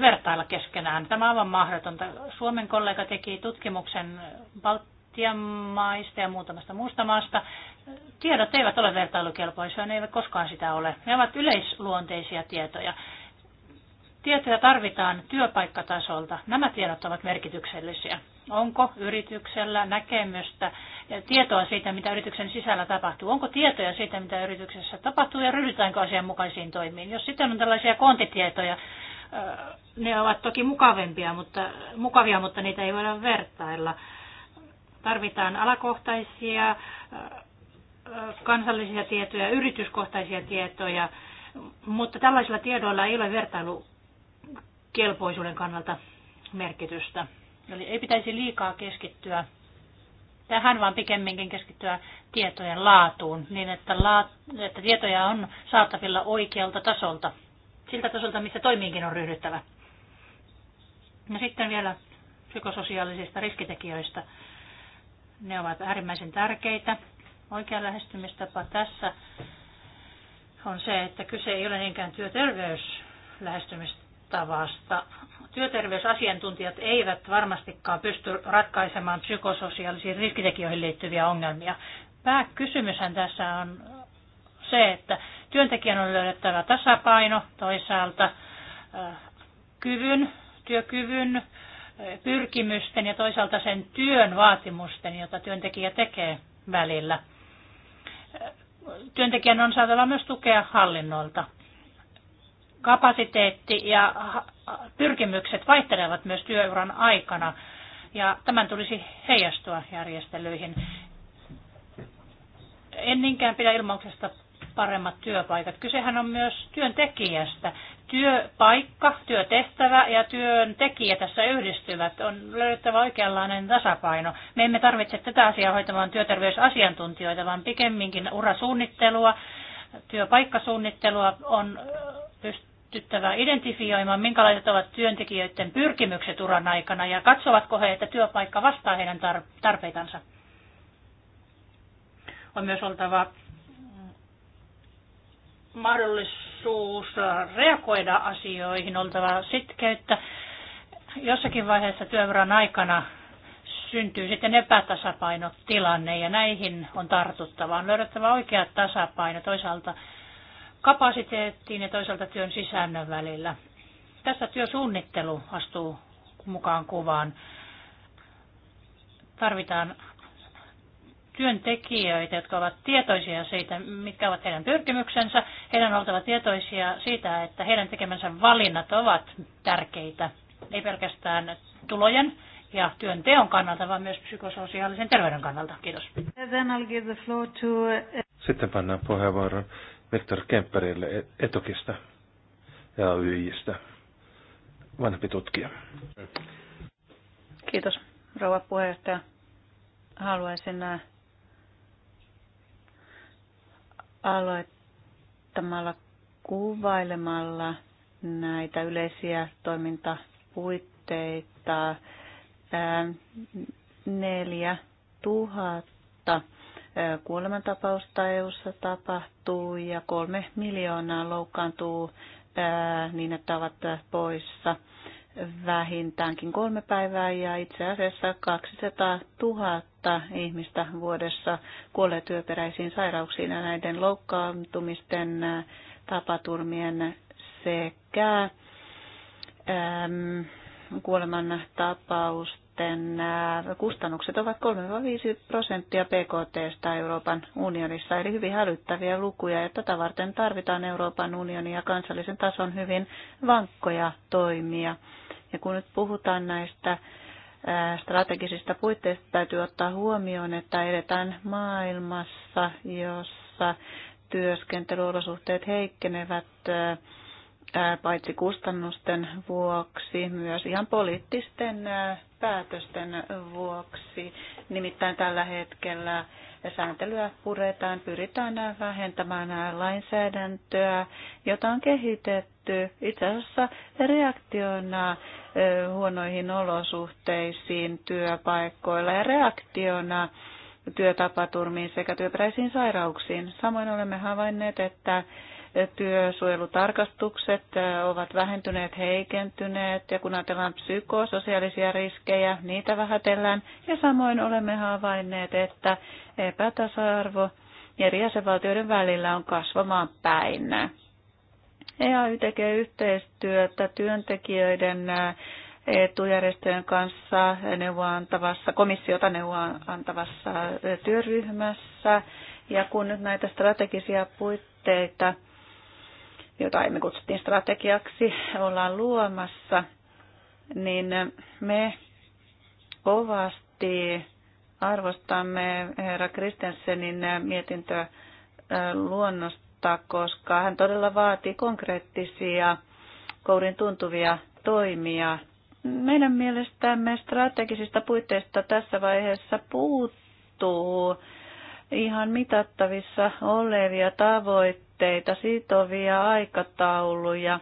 B: vertailla keskenään. Tämä on aivan mahdotonta. Suomen kollega teki tutkimuksen Baltian maista ja muutamasta muusta maasta. Tiedot eivät ole vertailukelpoisia, ne eivät koskaan sitä ole. Ne ovat yleisluonteisia tietoja. Tietoja tarvitaan työpaikkatasolta. Nämä tiedot ovat merkityksellisiä. Onko yrityksellä näkemystä, ja tietoa siitä, mitä yrityksen sisällä tapahtuu? Onko tietoja siitä, mitä yrityksessä tapahtuu ja ryhdytäänkö asianmukaisiin toimiin? Jos sitten on tällaisia kontitietoja, ne ovat toki mukavempia, mutta, mukavia, mutta niitä ei voida vertailla. Tarvitaan alakohtaisia, kansallisia tietoja, yrityskohtaisia tietoja, mutta tällaisilla tiedoilla ei ole vertailu kelpoisuuden kannalta merkitystä. Eli ei pitäisi liikaa keskittyä tähän, vaan pikemminkin keskittyä tietojen laatuun, niin että, laat, että tietoja on saatavilla oikealta tasolta, siltä tasolta, missä toimiinkin on ryhdyttävä. Ja sitten vielä psykososiaalisista riskitekijöistä. Ne ovat äärimmäisen tärkeitä. Oikea lähestymistapa tässä on se, että kyse ei ole niinkään työterveyslähestymistä kattavasta. Työterveysasiantuntijat eivät varmastikaan pysty ratkaisemaan psykososiaalisiin riskitekijöihin liittyviä ongelmia. Pääkysymyshän tässä on se, että työntekijän on löydettävä tasapaino toisaalta äh, kyvyn, työkyvyn, äh, pyrkimysten ja toisaalta sen työn vaatimusten, jota työntekijä tekee välillä. Äh, työntekijän on saatava myös tukea hallinnolta kapasiteetti ja pyrkimykset vaihtelevat myös työuran aikana. Ja tämän tulisi heijastua järjestelyihin. En niinkään pidä ilmauksesta paremmat työpaikat. Kysehän on myös työntekijästä. Työpaikka, työtehtävä ja työntekijä tässä yhdistyvät. On löydettävä oikeanlainen tasapaino. Me emme tarvitse tätä asiaa hoitamaan työterveysasiantuntijoita, vaan pikemminkin urasuunnittelua, työpaikkasuunnittelua on pystyttävä identifioimaan, minkälaiset ovat työntekijöiden pyrkimykset uran aikana ja katsovatko he, että työpaikka vastaa heidän tarpeitansa. On myös oltava mahdollisuus reagoida asioihin, oltava sitkeyttä. Jossakin vaiheessa työuran aikana syntyy sitten epätasapainotilanne ja näihin on tartuttava. On löydettävä oikea tasapaino toisaalta kapasiteettiin ja toisaalta työn sisäännön välillä. Tässä työsuunnittelu astuu mukaan kuvaan. Tarvitaan työntekijöitä, jotka ovat tietoisia siitä, mitkä ovat heidän pyrkimyksensä. Heidän on oltava tietoisia siitä, että heidän tekemänsä valinnat ovat tärkeitä, ei pelkästään tulojen ja työnteon kannalta, vaan myös psykososiaalisen terveyden kannalta. Kiitos.
A: Uh,
C: Sitten pannaan puheenvuoron Vektor Kemperille e- Etokista ja YJistä, vanhempi tutkija.
A: Kiitos, rouva puheenjohtaja. Haluaisin äh, aloittamalla kuvailemalla näitä yleisiä toimintapuitteita. Äh, neljä tuhatta kuolemantapausta EU:ssa tapahtuu ja kolme miljoonaa loukkaantuu niin, että ovat poissa vähintäänkin kolme päivää ja itse asiassa 200 000 ihmistä vuodessa kuolee työperäisiin sairauksiin ja näiden loukkaantumisten, tapaturmien sekä kuoleman tapaus sitten äh, kustannukset ovat 3-5 prosenttia PKT Euroopan unionissa, eli hyvin hälyttäviä lukuja, ja tätä varten tarvitaan Euroopan unionin ja kansallisen tason hyvin vankkoja toimia. Ja kun nyt puhutaan näistä äh, strategisista puitteista, täytyy ottaa huomioon, että edetään maailmassa, jossa työskentelyolosuhteet heikkenevät, äh, paitsi kustannusten vuoksi, myös ihan poliittisten päätösten vuoksi. Nimittäin tällä hetkellä sääntelyä puretaan, pyritään vähentämään lainsäädäntöä, jota on kehitetty itse asiassa reaktiona huonoihin olosuhteisiin työpaikoilla ja reaktiona työtapaturmiin sekä työperäisiin sairauksiin. Samoin olemme havainneet, että työsuojelutarkastukset ovat vähentyneet, heikentyneet ja kun ajatellaan psykososiaalisia riskejä, niitä vähätellään ja samoin olemme havainneet, että epätasa-arvo eri jäsenvaltioiden välillä on kasvamaan päin. EAY tekee yhteistyötä työntekijöiden etujärjestöjen kanssa neuvoa antavassa, komissiota neuvoa antavassa työryhmässä. Ja kun nyt näitä strategisia puitteita jota me kutsuttiin strategiaksi, ollaan luomassa, niin me kovasti arvostamme herra Kristensenin mietintö luonnosta, koska hän todella vaatii konkreettisia kourin tuntuvia toimia. Meidän mielestämme strategisista puitteista tässä vaiheessa puuttuu ihan mitattavissa olevia tavoitteita tavoitteita, sitovia aikatauluja.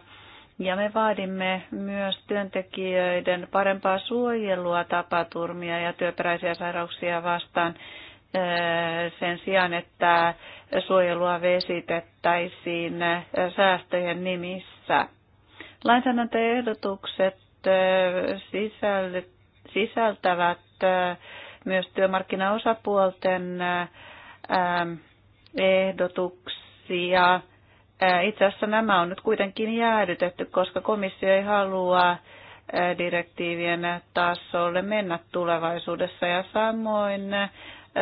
A: Ja me vaadimme myös työntekijöiden parempaa suojelua tapaturmia ja työperäisiä sairauksia vastaan eh, sen sijaan, että suojelua vesitettäisiin eh, säästöjen nimissä. Lainsäädäntöehdotukset eh, sisältävät myös työmarkkinaosapuolten ehdotuksia asia. Itse asiassa nämä on nyt kuitenkin jäädytetty, koska komissio ei halua direktiivien tasolle mennä tulevaisuudessa ja samoin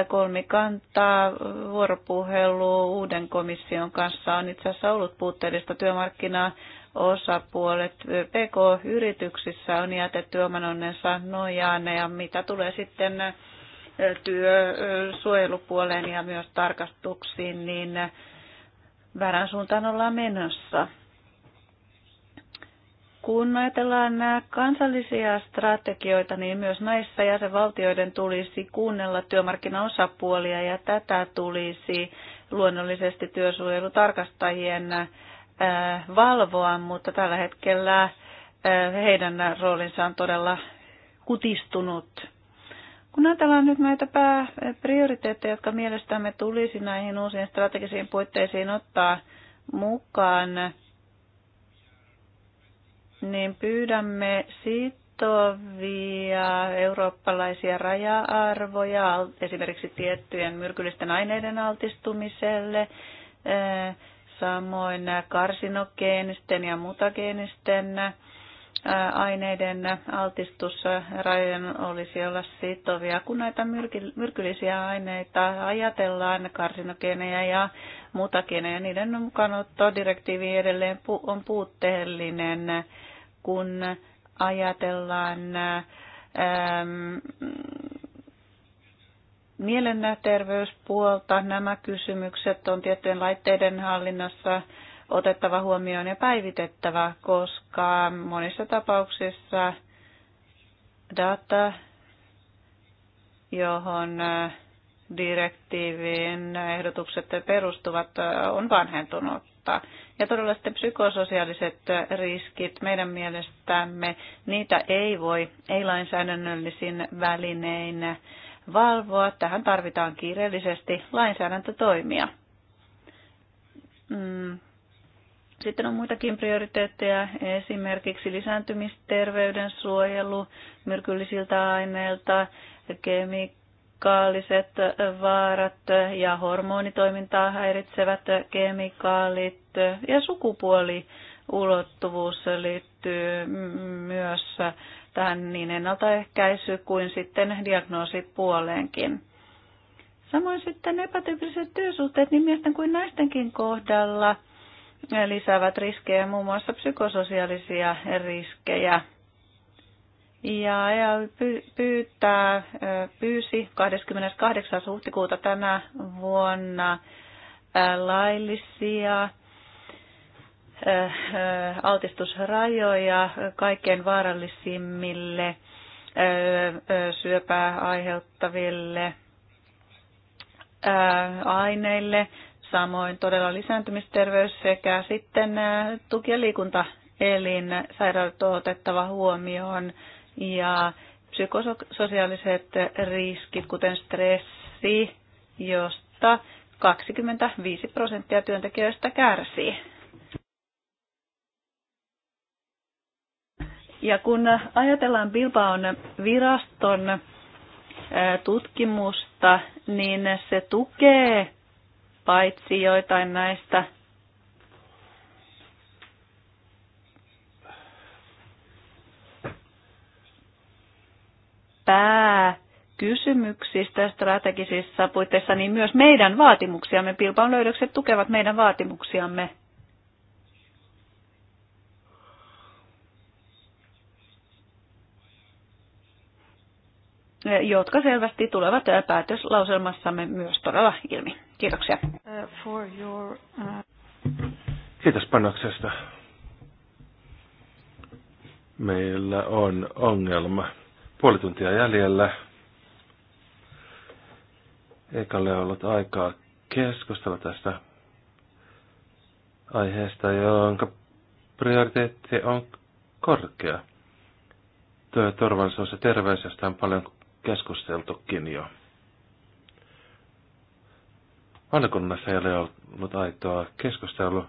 A: kolmikantaa vuoropuhelu uuden komission kanssa on itse asiassa ollut puutteellista työmarkkinaa osapuolet PK-yrityksissä on jätetty oman onnensa nojaan ja mitä tulee sitten työsuojelupuoleen ja myös tarkastuksiin, niin väärän suuntaan ollaan menossa. Kun ajatellaan nämä kansallisia strategioita, niin myös näissä jäsenvaltioiden tulisi kuunnella työmarkkinaosapuolia ja tätä tulisi luonnollisesti työsuojelutarkastajien äh, valvoa, mutta tällä hetkellä äh, heidän roolinsa on todella kutistunut. Kun ajatellaan nyt näitä pääprioriteetteja, jotka mielestämme tulisi näihin uusiin strategisiin puitteisiin ottaa mukaan, niin pyydämme sitovia eurooppalaisia raja-arvoja esimerkiksi tiettyjen myrkyllisten aineiden altistumiselle, eh, samoin karsinogeenisten ja mutageenisten aineiden altistusrajojen olisi olla sitovia. Kun näitä myrkyllisiä aineita ajatellaan, karsinogeneja ja mutageneja, niiden mukaanotto direktiivi edelleen on puutteellinen, kun ajatellaan ähm, mielenterveyspuolta. Nämä kysymykset on tiettyjen laitteiden hallinnassa otettava huomioon ja päivitettävä, koska monissa tapauksissa data, johon äh, direktiivin ehdotukset perustuvat, äh, on vanhentunutta. Ja todella sitten psykososiaaliset riskit meidän mielestämme, niitä ei voi ei-lainsäädännöllisin välinein valvoa. Tähän tarvitaan kiireellisesti lainsäädäntötoimia. Mm, sitten on muitakin prioriteetteja, esimerkiksi lisääntymisterveyden suojelu myrkyllisiltä aineilta, kemikaaliset vaarat ja hormonitoimintaa häiritsevät kemikaalit ja sukupuoliulottuvuus liittyy myös tähän niin ennaltaehkäisy kuin sitten diagnoosipuoleenkin. Samoin sitten epätyypilliset työsuhteet niin miesten kuin naistenkin kohdalla – lisäävät riskejä, muun muassa psykososiaalisia riskejä. Ja e pyytää, pyysi 28. huhtikuuta tänä vuonna laillisia altistusrajoja kaikkein vaarallisimmille syöpää aiheuttaville aineille samoin todella lisääntymisterveys sekä sitten tuki- ja liikuntaelin sairaudet on otettava huomioon ja psykososiaaliset riskit, kuten stressi, josta 25 prosenttia työntekijöistä kärsii. Ja kun ajatellaan Bilbaon viraston tutkimusta, niin se tukee paitsi joitain näistä pääkysymyksistä strategisissa puitteissa, niin myös meidän vaatimuksiamme, Pilpan löydökset tukevat meidän vaatimuksiamme. jotka selvästi tulevat päätöslauselmassamme myös todella ilmi. Kiitoksia. For your, uh...
C: Kiitos panoksesta. Meillä on ongelma. Puoli tuntia jäljellä. Eikä ole ollut aikaa keskustella tästä aiheesta, jonka prioriteetti on korkea. Työturvallisuus ja terveys, josta on paljon keskusteltukin jo valiokunnassa ei ole ollut aitoa keskustelua.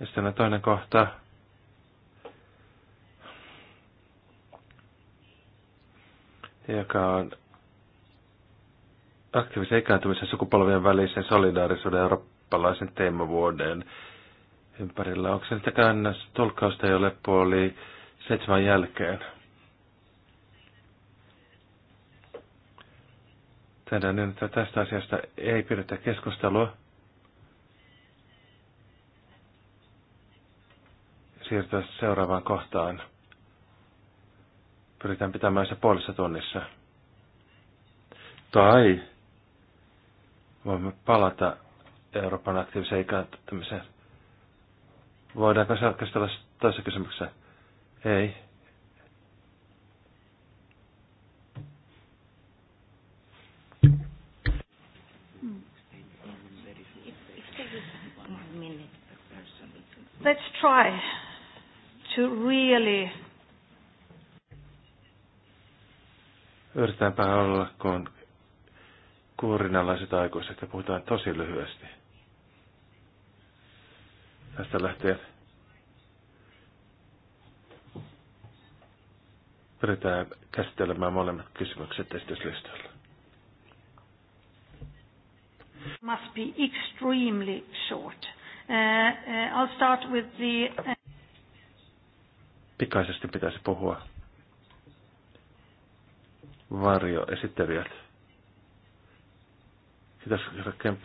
C: Ja sitten toinen kohta. joka on aktiivisen ikääntymisen sukupolvien välisen solidaarisuuden eurooppalaisen teemavuoden ympärillä. Onko se niitäkään tulkkausta, jolle puoli seitsemän jälkeen? tänään, niin, että tästä asiasta ei pidetä keskustelua. Siirrytään seuraavaan kohtaan. Pyritään pitämään se puolessa tunnissa. Tai voimme palata Euroopan aktiiviseen ikääntymiseen. Voidaanko se keskustella toisessa kysymyksessä? Ei.
A: Let's try to really...
C: Yritetäänpä olla kuin kuurinalaiset aikuiset ja puhutaan tosi lyhyesti. Tästä lähtien pyritään käsittelemään molemmat kysymykset esityslistalla.
B: Must be extremely short. Uh, uh, I'll start with the... Uh,
C: Pikaisesti pitäisi puhua. esittelijät. Kiitos,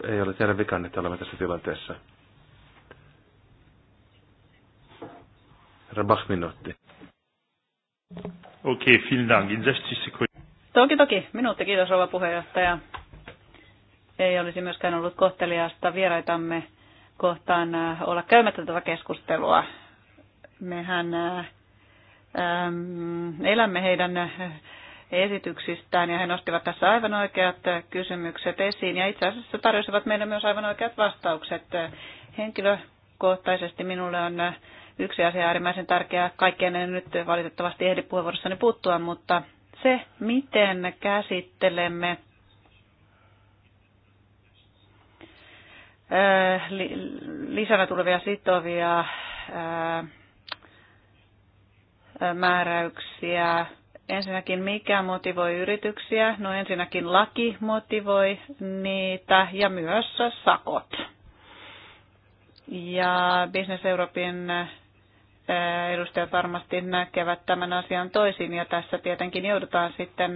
C: ei ole teidän vikanne, että olemme tässä tilanteessa. Rabach minuutti. Okei, okay, vielen Dank. In 60
A: Toki toki, minuutti, kiitos rouva puheenjohtaja. Ei olisi myöskään ollut kohteliasta vieraitamme kohtaan äh, olla käymättä tätä keskustelua. Mehän äh, ähm, elämme heidän äh, esityksistään ja he nostivat tässä aivan oikeat kysymykset esiin ja itse asiassa tarjosivat meille myös aivan oikeat vastaukset. Henkilökohtaisesti minulle on yksi asia äärimmäisen tärkeä, kaikkeen en nyt valitettavasti ehdi puheenvuorossani puuttua, mutta se, miten käsittelemme lisänä tulevia sitovia määräyksiä. Ensinnäkin mikä motivoi yrityksiä? No ensinnäkin laki motivoi niitä ja myös sakot. Ja Business Europein edustajat varmasti näkevät tämän asian toisin ja tässä tietenkin joudutaan sitten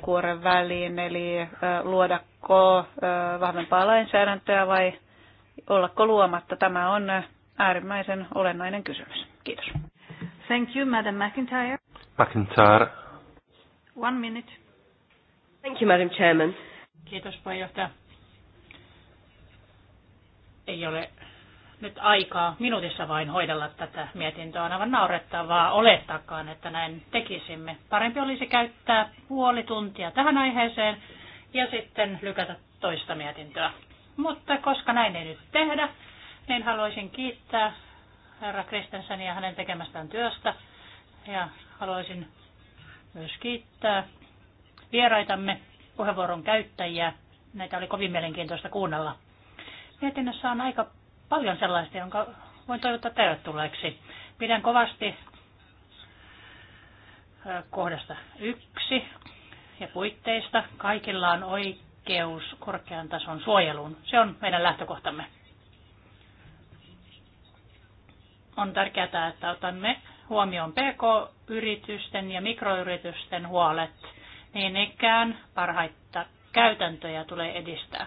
A: kuoren väliin, eli luodako vahvempaa lainsäädäntöä vai ollako luomatta. Tämä on äärimmäisen olennainen kysymys. Kiitos. Thank you, Madam McIntyre.
C: McIntyre.
B: One minute. Thank you, Madam Chairman. Kiitos, puheenjohtaja. Ei ole nyt aikaa minuutissa vain hoidella tätä mietintöä. On aivan naurettavaa olettakaan, että näin tekisimme. Parempi olisi käyttää puoli tuntia tähän aiheeseen ja sitten lykätä toista mietintöä. Mutta koska näin ei nyt tehdä, niin haluaisin kiittää herra Kristensen ja hänen tekemästään työstä. Ja haluaisin myös kiittää vieraitamme, puheenvuoron käyttäjiä. Näitä oli kovin mielenkiintoista kuunnella. Mietinnössä on aika paljon sellaista, jonka voin toivottaa tervetulleeksi. Pidän kovasti kohdasta yksi ja puitteista. Kaikilla on oikeus korkean tason suojeluun. Se on meidän lähtökohtamme. On tärkeää, että otamme huomioon PK-yritysten ja mikroyritysten huolet. Niin ikään parhaita käytäntöjä tulee edistää.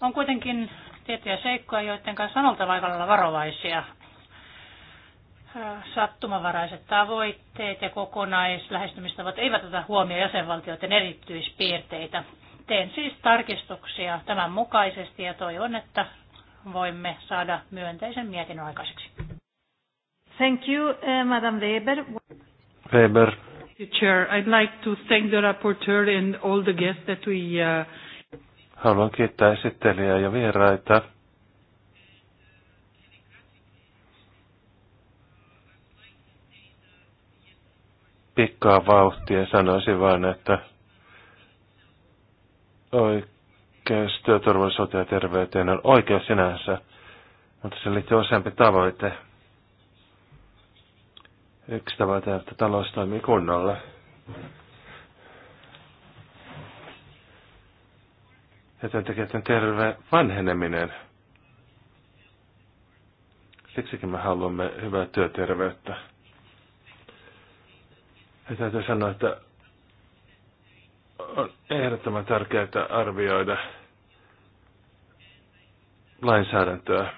B: On kuitenkin tiettyjä seikkoja, joiden kanssa on oltava aika lailla varovaisia. Sattumavaraiset tavoitteet ja kokonaislähestymistavat eivät ota huomioon jäsenvaltioiden erityispiirteitä. Teen siis tarkistuksia tämän mukaisesti ja toivon, että voimme saada myönteisen mietinnön aikaiseksi. Thank you, uh, Madam Weber. Weber. Chair, I'd like to thank the rapporteur and all the guests that we uh,
C: Haluan kiittää esittelijää ja vieraita. Pikkaa vauhtia sanoisin vain, että oikeus työturvallisuuteen ja terveyteen on oikeus sinänsä, mutta se liittyy useampi tavoite. Yksi tavoite, että talous toimii kunnolla. ja työntekijöiden terve vanheneminen. Siksikin me haluamme hyvää työterveyttä. Ja täytyy sanoa, että on ehdottoman tärkeää arvioida lainsäädäntöä.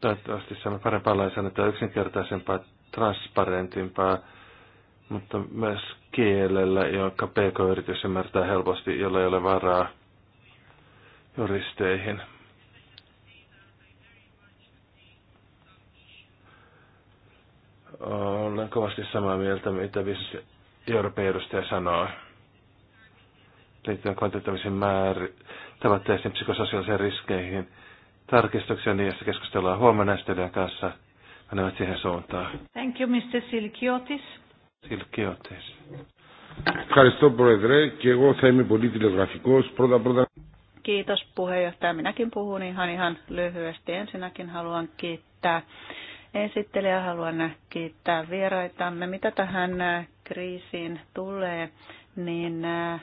C: Toivottavasti saamme parempaa lainsäädäntöä, yksinkertaisempaa, transparentimpaa, mutta myös kielellä, joka pk-yritys ymmärtää helposti, jolla ei ole varaa juristeihin. Olen kovasti samaa mieltä, mitä Business Euroopan edustaja sanoo liittyen kvantittavisiin määr- tavoitteisiin psykososiaalisiin riskeihin. Tarkistuksia niistä keskustellaan huomenna kanssa menevät siihen suuntaan.
A: Thank you, Mr. Silkiotis.
C: Σιλκιώτες. Ευχαριστώ Πρόεδρε και εγώ θα είμαι πολύ τηλεγραφικός. Πρώτα πρώτα...
A: Kiitos puheenjohtaja. Minäkin puhun ihan, ihan lyhyesti. Ensinnäkin haluan kiittää esittelijä, haluan kiittää vieraitamme. Mitä tähän kriisiin tulee, niin äh,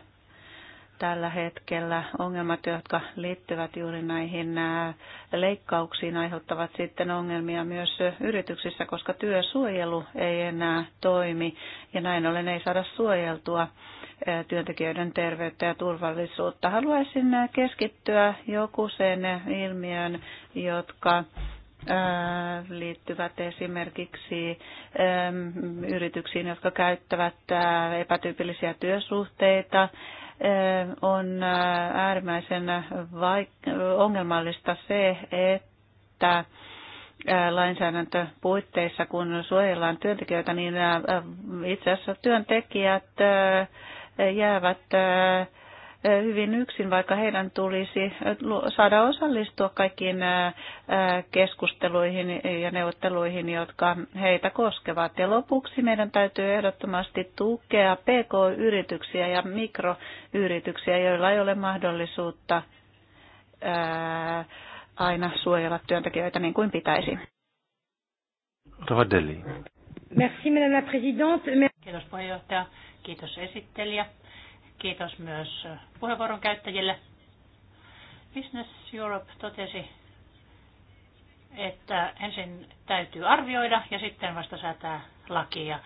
A: tällä hetkellä ongelmat, jotka liittyvät juuri näihin leikkauksiin, aiheuttavat sitten ongelmia myös yrityksissä, koska työsuojelu ei enää toimi ja näin ollen ei saada suojeltua työntekijöiden terveyttä ja turvallisuutta. Haluaisin keskittyä joku sen ilmiön, jotka liittyvät esimerkiksi yrityksiin, jotka käyttävät epätyypillisiä työsuhteita, on äärimmäisen ongelmallista se, että lainsäädäntöpuitteissa, kun suojellaan työntekijöitä, niin itse asiassa työntekijät jäävät hyvin yksin, vaikka heidän tulisi saada osallistua kaikkiin keskusteluihin ja neuvotteluihin, jotka heitä koskevat. Ja lopuksi meidän täytyy ehdottomasti tukea PK-yrityksiä ja mikroyrityksiä, joilla ei ole mahdollisuutta aina suojella työntekijöitä niin kuin pitäisi. Merci, madame la présidente. Kiitos
B: puheenjohtaja. Kiitos esittelijä. Kiitos myös puheenvuoron käyttäjille. Business Europe totesi, että ensin täytyy arvioida ja sitten vasta säätää lakia.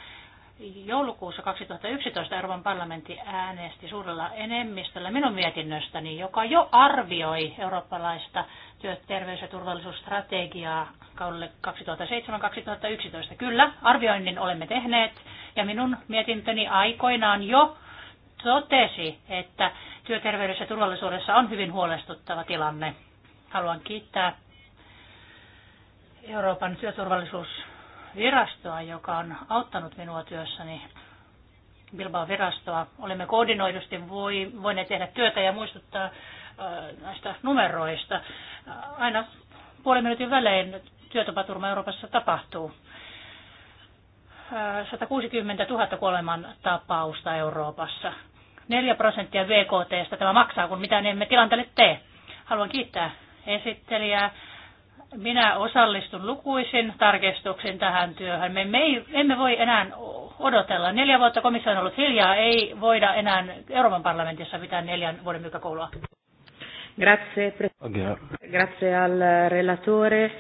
B: Joulukuussa 2011 Euroopan parlamentti äänesti suurella enemmistöllä minun mietinnöstäni, joka jo arvioi eurooppalaista työterveys- ja turvallisuusstrategiaa kaudelle 2007-2011. Kyllä, arvioinnin olemme tehneet ja minun mietintöni aikoinaan jo totesi, että työterveydessä ja turvallisuudessa on hyvin huolestuttava tilanne. Haluan kiittää Euroopan työturvallisuusvirastoa, joka on auttanut minua työssäni. Bilbao virastoa. Olemme koordinoidusti voi, voineet tehdä työtä ja muistuttaa näistä numeroista. Aina puolen minuutin välein työtapaturma Euroopassa tapahtuu. 160 000 kuoleman tapausta Euroopassa. 4 prosenttia VKTstä tämä maksaa, kun mitään emme tilanteelle tee. Haluan kiittää esittelijää. Minä osallistun lukuisin tarkistuksiin tähän työhön. Me, me ei, emme voi enää odotella. Neljä vuotta komissio on ollut hiljaa. Ei voida enää Euroopan parlamentissa pitää neljän vuoden myykkäkoulua.
A: Grazie, Grazie al relatore.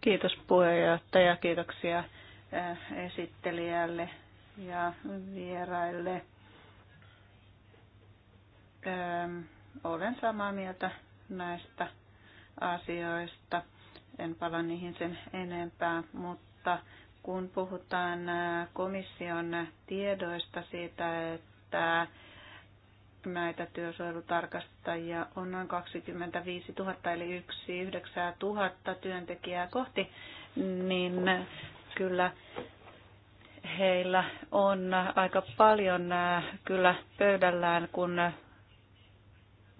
A: Kiitos puheenjohtaja. Kiitoksia Äh, esittelijälle ja vieraille. Ähm, olen samaa mieltä näistä asioista. En pala niihin sen enempää, mutta kun puhutaan äh, komission tiedoista siitä, että näitä työsuojelutarkastajia on noin 25 000 eli 1 9 000 työntekijää kohti, niin kyllä heillä on aika paljon äh, kyllä pöydällään, kun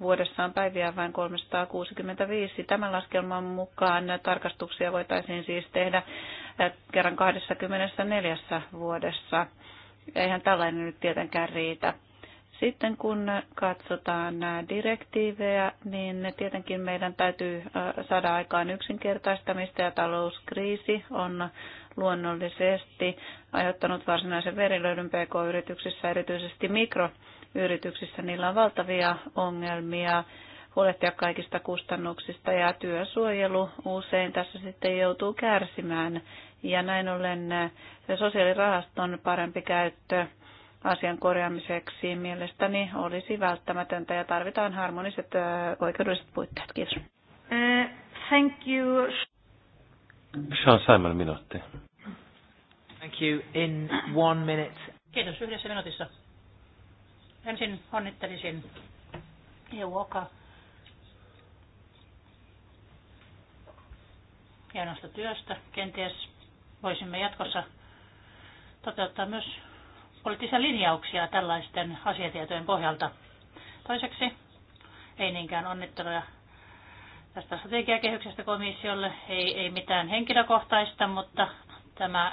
A: vuodessa on päiviä vain 365. Tämän laskelman mukaan tarkastuksia voitaisiin siis tehdä äh, kerran 24 vuodessa. Eihän tällainen nyt tietenkään riitä. Sitten kun katsotaan äh, direktiivejä, niin tietenkin meidän täytyy saada aikaan yksinkertaistamista ja talouskriisi on luonnollisesti aiheuttanut varsinaisen verilöydyn PK-yrityksissä, erityisesti mikroyrityksissä. Niillä on valtavia ongelmia huolehtia kaikista kustannuksista ja työsuojelu usein tässä sitten joutuu kärsimään. Ja näin ollen eh, sosiaalirahaston parempi käyttö asian korjaamiseksi mielestäni olisi välttämätöntä ja tarvitaan harmoniset eh, oikeudelliset puitteet. Kiitos. Uh, thank you.
C: Sean Simon, minuutti.
B: Thank you. In one minute. Kiitos yhdessä minuutissa. Ensin onnittelisin EU-oka hienosta työstä. Kenties voisimme jatkossa toteuttaa myös poliittisia linjauksia tällaisten asiatietojen pohjalta. Toiseksi ei niinkään onnitteluja tästä strategiakehyksestä komissiolle. Ei, ei mitään henkilökohtaista, mutta tämä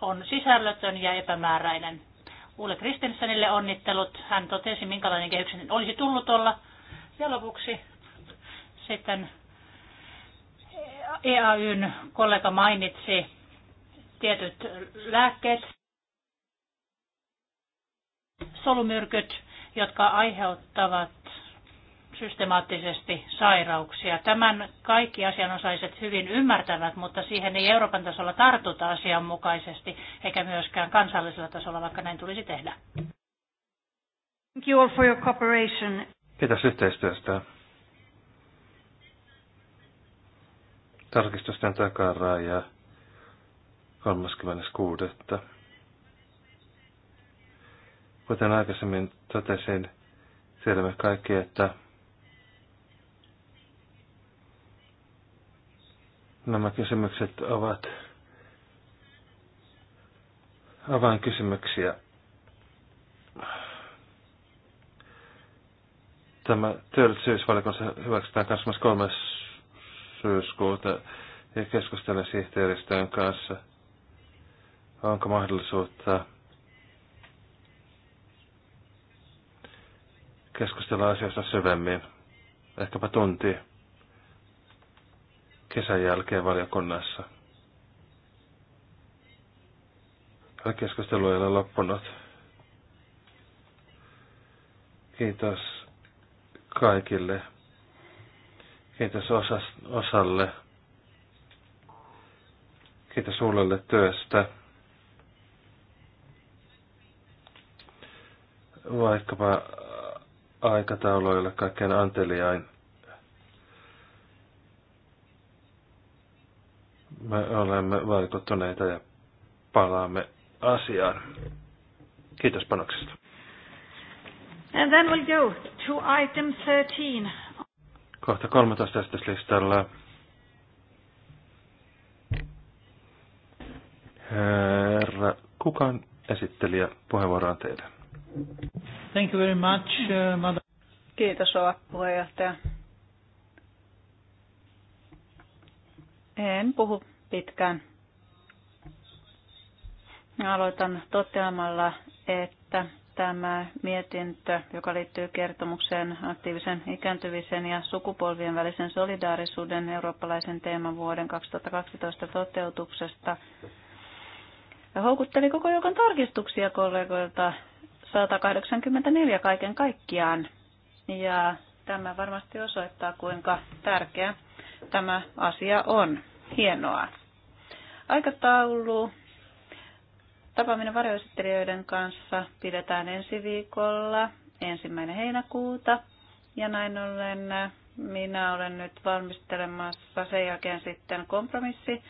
B: on sisällötön ja epämääräinen. Ulle Kristensenille onnittelut. Hän totesi, minkälainen kehyksen olisi tullut olla. Ja lopuksi sitten EAYn kollega mainitsi tietyt lääkkeet, solumyrkyt, jotka aiheuttavat systemaattisesti sairauksia. Tämän kaikki asianosaiset hyvin ymmärtävät, mutta siihen ei Euroopan tasolla tartuta asianmukaisesti, eikä myöskään kansallisella tasolla, vaikka näin tulisi tehdä.
A: Thank you all for your cooperation.
C: Kiitos yhteistyöstä. Tarkistusten ja 36. Kuten aikaisemmin totesin, tiedämme kaikki, että Nämä kysymykset ovat avainkysymyksiä. Tämä työllisyysvaliokunnassa hyväksytään 23. syyskuuta ja keskustelen sihteeristöön kanssa, onko mahdollisuutta keskustella asiasta syvemmin, ehkäpä tuntia kesän jälkeen valiokunnassa. Keskustelu ei ole loppunut. Kiitos kaikille. Kiitos osas, osalle. Kiitos Ullelle työstä. Vaikkapa aikatauluilla kaikkein anteliain me olemme vaikuttuneita ja palaamme asiaan. Kiitos panoksesta.
B: And then we'll go to item 13.
C: Kohta 13 listalla. Herra, kuka esittelijä? puheenvuoroa on teidän.
A: Thank you very much, uh, madam. Kiitos, Ova puheenjohtaja. En puhu pitkään. Aloitan toteamalla, että tämä mietintö, joka liittyy kertomukseen aktiivisen ikääntymisen ja sukupolvien välisen solidaarisuuden eurooppalaisen teeman vuoden 2012 toteutuksesta, houkutteli koko joukon tarkistuksia kollegoilta 184 kaiken kaikkiaan. Ja tämä varmasti osoittaa, kuinka tärkeä tämä asia on. Hienoa. Aikataulu. Tapaaminen varjoesittelijöiden kanssa pidetään ensi viikolla, ensimmäinen heinäkuuta. Ja näin ollen äh, minä olen nyt valmistelemassa sen jälkeen sitten kompromissi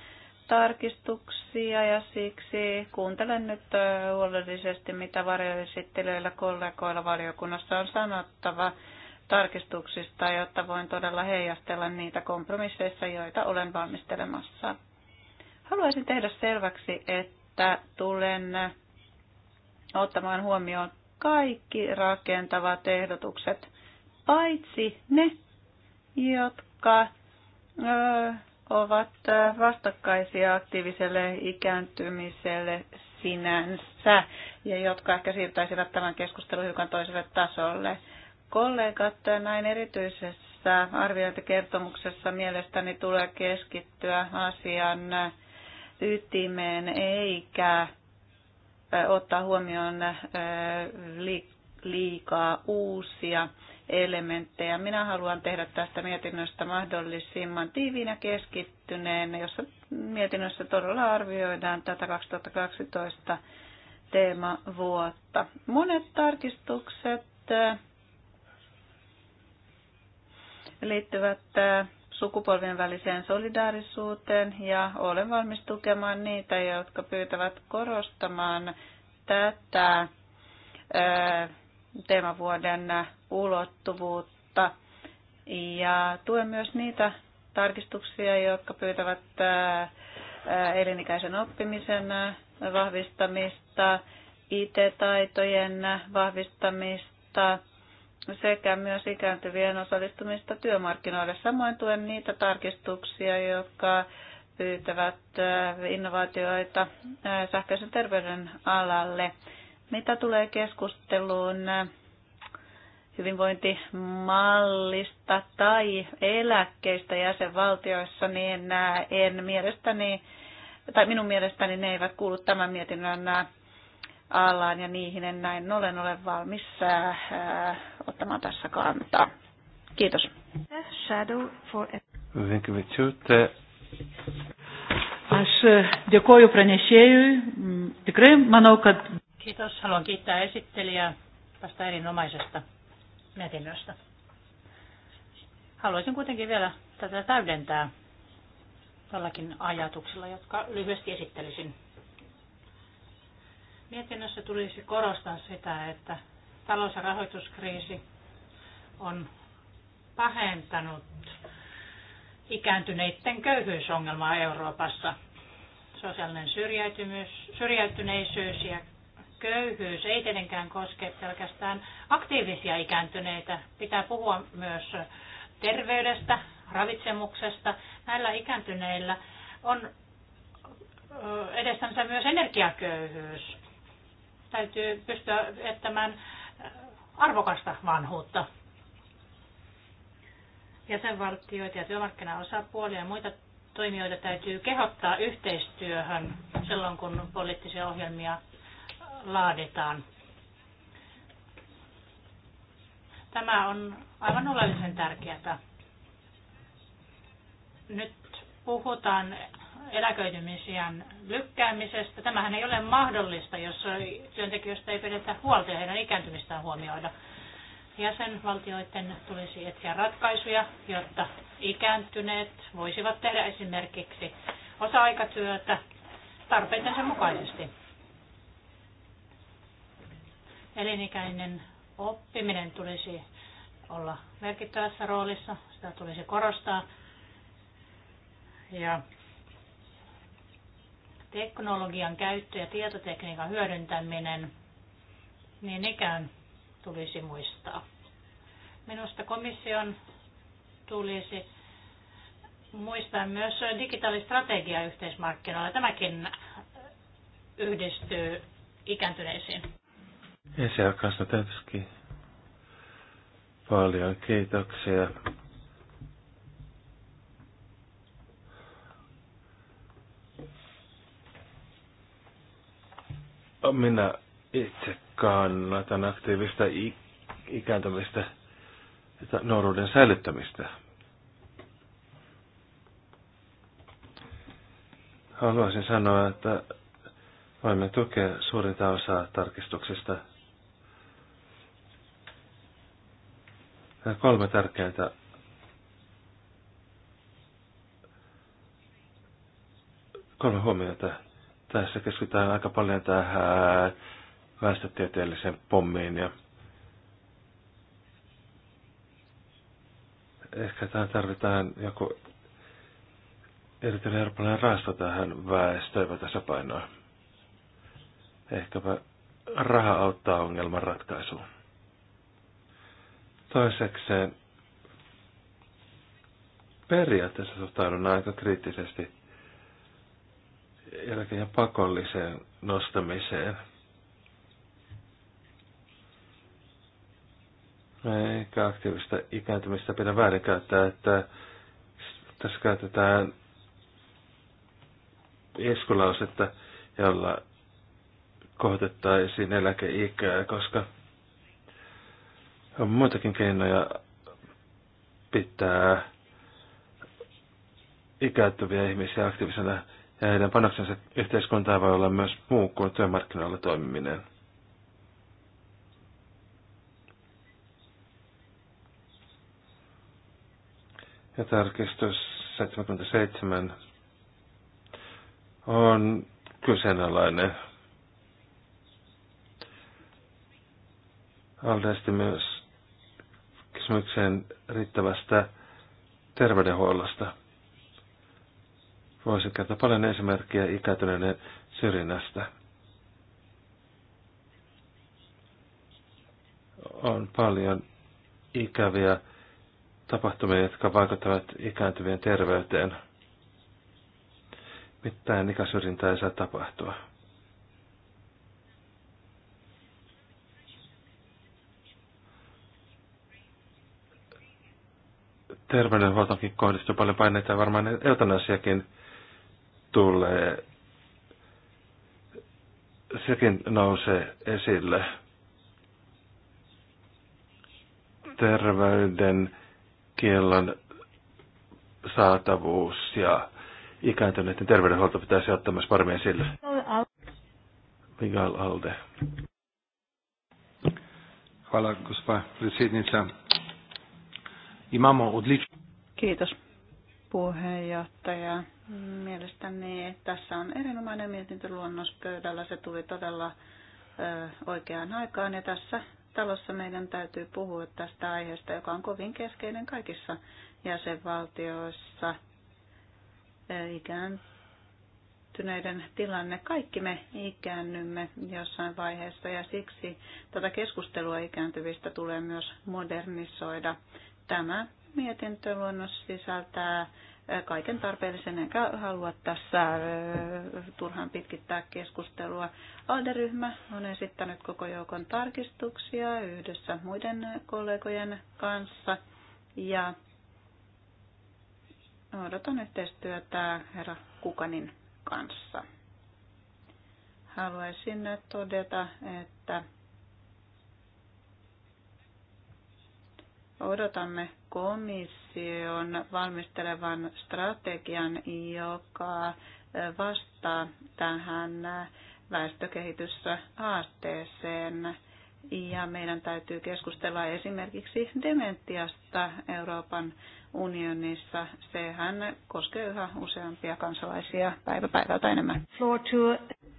A: tarkistuksia ja siksi kuuntelen nyt äh, huolellisesti, mitä varjoesittelijöillä kollegoilla valiokunnassa on sanottava tarkistuksista, jotta voin todella heijastella niitä kompromisseissa, joita olen valmistelemassa. Haluaisin tehdä selväksi, että tulen ottamaan huomioon kaikki rakentavat ehdotukset, paitsi ne, jotka ö, ovat vastakkaisia aktiiviselle ikääntymiselle sinänsä ja jotka ehkä siirtäisivät tämän keskustelun hiukan toiselle tasolle. Kollegat näin erityisessä arviointikertomuksessa mielestäni tulee keskittyä asian ytimeen eikä ottaa huomioon liikaa uusia elementtejä. Minä haluan tehdä tästä mietinnöstä mahdollisimman tiiviin ja keskittyneen, jossa mietinnössä todella arvioidaan tätä 2012 teemavuotta. Monet tarkistukset liittyvät sukupolvien väliseen solidaarisuuteen ja olen valmis tukemaan niitä, jotka pyytävät korostamaan tätä teemavuoden ulottuvuutta. Ja tuen myös niitä tarkistuksia, jotka pyytävät elinikäisen oppimisen vahvistamista, IT-taitojen vahvistamista, sekä myös ikääntyvien osallistumista työmarkkinoille. Samoin tuen niitä tarkistuksia, jotka pyytävät äh, innovaatioita äh, sähköisen terveyden alalle. Mitä tulee keskusteluun äh, hyvinvointimallista tai eläkkeistä jäsenvaltioissa, niin en mielestäni, tai minun mielestäni ne eivät kuulu tämän mietinnön Allaan ja niihin en näin olen ole valmis ottamaan tässä kantaa. Kiitos. Shadow for... Aš e, dėkoju pranešėjui. Mm, tikrai manau, kad.
B: Kiitos. Haluan kiittää esittelijää tästä erinomaisesta mietinnöstä. Haluaisin kuitenkin vielä tätä täydentää täälläkin ajatuksilla, jotka lyhyesti esittelisin. Mietinnössä tulisi korostaa sitä, että talous- ja rahoituskriisi on pahentanut ikääntyneiden köyhyysongelmaa Euroopassa. Sosiaalinen syrjäytyneisyys ja köyhyys ei tietenkään koske pelkästään aktiivisia ikääntyneitä. Pitää puhua myös terveydestä, ravitsemuksesta. Näillä ikääntyneillä on edessänsä myös energiaköyhyys. Täytyy pystyä viettämään arvokasta vanhuutta. Jäsenvaltioita ja työmarkkinaosapuolia ja muita toimijoita täytyy kehottaa yhteistyöhön silloin, kun poliittisia ohjelmia laaditaan. Tämä on aivan oleellisen tärkeää. Nyt puhutaan eläköitymisiän lykkäämisestä. Tämähän ei ole mahdollista, jos työntekijöistä ei pidetä huolta ja heidän ikääntymistään huomioida. Jäsenvaltioiden tulisi etsiä ratkaisuja, jotta ikääntyneet voisivat tehdä esimerkiksi osa-aikatyötä tarpeidensa mukaisesti. Elinikäinen oppiminen tulisi olla merkittävässä roolissa, sitä tulisi korostaa. Ja teknologian käyttö ja tietotekniikan hyödyntäminen, niin ikään tulisi muistaa. Minusta komission tulisi muistaa myös digitaalistrategia yhteismarkkinoilla. Tämäkin yhdistyy ikääntyneisiin.
C: Ensi alkaa paljon kiitoksia. Minä itse kannatan aktiivista ikääntymistä ja nuoruuden säilyttämistä. Haluaisin sanoa, että voimme tukea suurinta osaa tarkistuksista. Kolme tärkeintä kolme huomiota tässä keskitytään aika paljon tähän äh, väestötieteelliseen pommiin ja ehkä tähän tarvitaan joku erityinen eurooppalainen rahasto tähän väestöön tasapainoon. Ehkäpä raha auttaa ongelman ratkaisuun. Toisekseen periaatteessa suhtaudun aika kriittisesti eläkeen pakolliseen nostamiseen. Eikä aktiivista ikääntymistä pidä väärinkäyttää, että tässä käytetään iskulausetta, jolla kohotettaisiin eläkeikää, koska on muitakin keinoja pitää ikääntyviä ihmisiä aktiivisena ja heidän panoksensa yhteiskuntaa voi olla myös muu kuin työmarkkinoilla toimiminen. Ja tarkistus 77 on kyseenalainen. Aldesti myös kysymykseen riittävästä terveydenhuollosta. Voisin kertoa paljon esimerkkejä ikääntyneiden syrjinnästä. On paljon ikäviä tapahtumia, jotka vaikuttavat ikääntyvien terveyteen. Mitään ikäsyrjintää ei saa tapahtua. terveydenhuoltoonkin kohdistuu paljon paineita ja varmaan eutanasiakin tulee, sekin nousee esille. Terveyden kiellon saatavuus ja ikääntyneiden terveydenhuolto pitäisi ottaa myös paremmin esille. Miguel Alde. Hvala, gospa predsjednica. Imamo odlično...
A: Kiitos puheenjohtaja. Mielestäni tässä on erinomainen mietintö luonnospöydällä. Se tuli todella oikeaan aikaan ja tässä talossa meidän täytyy puhua tästä aiheesta, joka on kovin keskeinen kaikissa jäsenvaltioissa. Ikääntyneiden tilanne, kaikki me ikäännymme jossain vaiheessa ja siksi tätä keskustelua ikääntyvistä tulee myös modernisoida. Tämä mietintöluonnos sisältää kaiken tarpeellisen, enkä halua tässä turhaan pitkittää keskustelua. Alderyhmä on esittänyt koko joukon tarkistuksia yhdessä muiden kollegojen kanssa ja odotan yhteistyötä herra Kukanin kanssa. Haluaisin todeta, että odotamme komission valmistelevan strategian, joka vastaa tähän väestökehityshaasteeseen. Ja meidän täytyy keskustella esimerkiksi dementiasta Euroopan unionissa. Sehän koskee yhä useampia kansalaisia päivä päivältä enemmän. Floor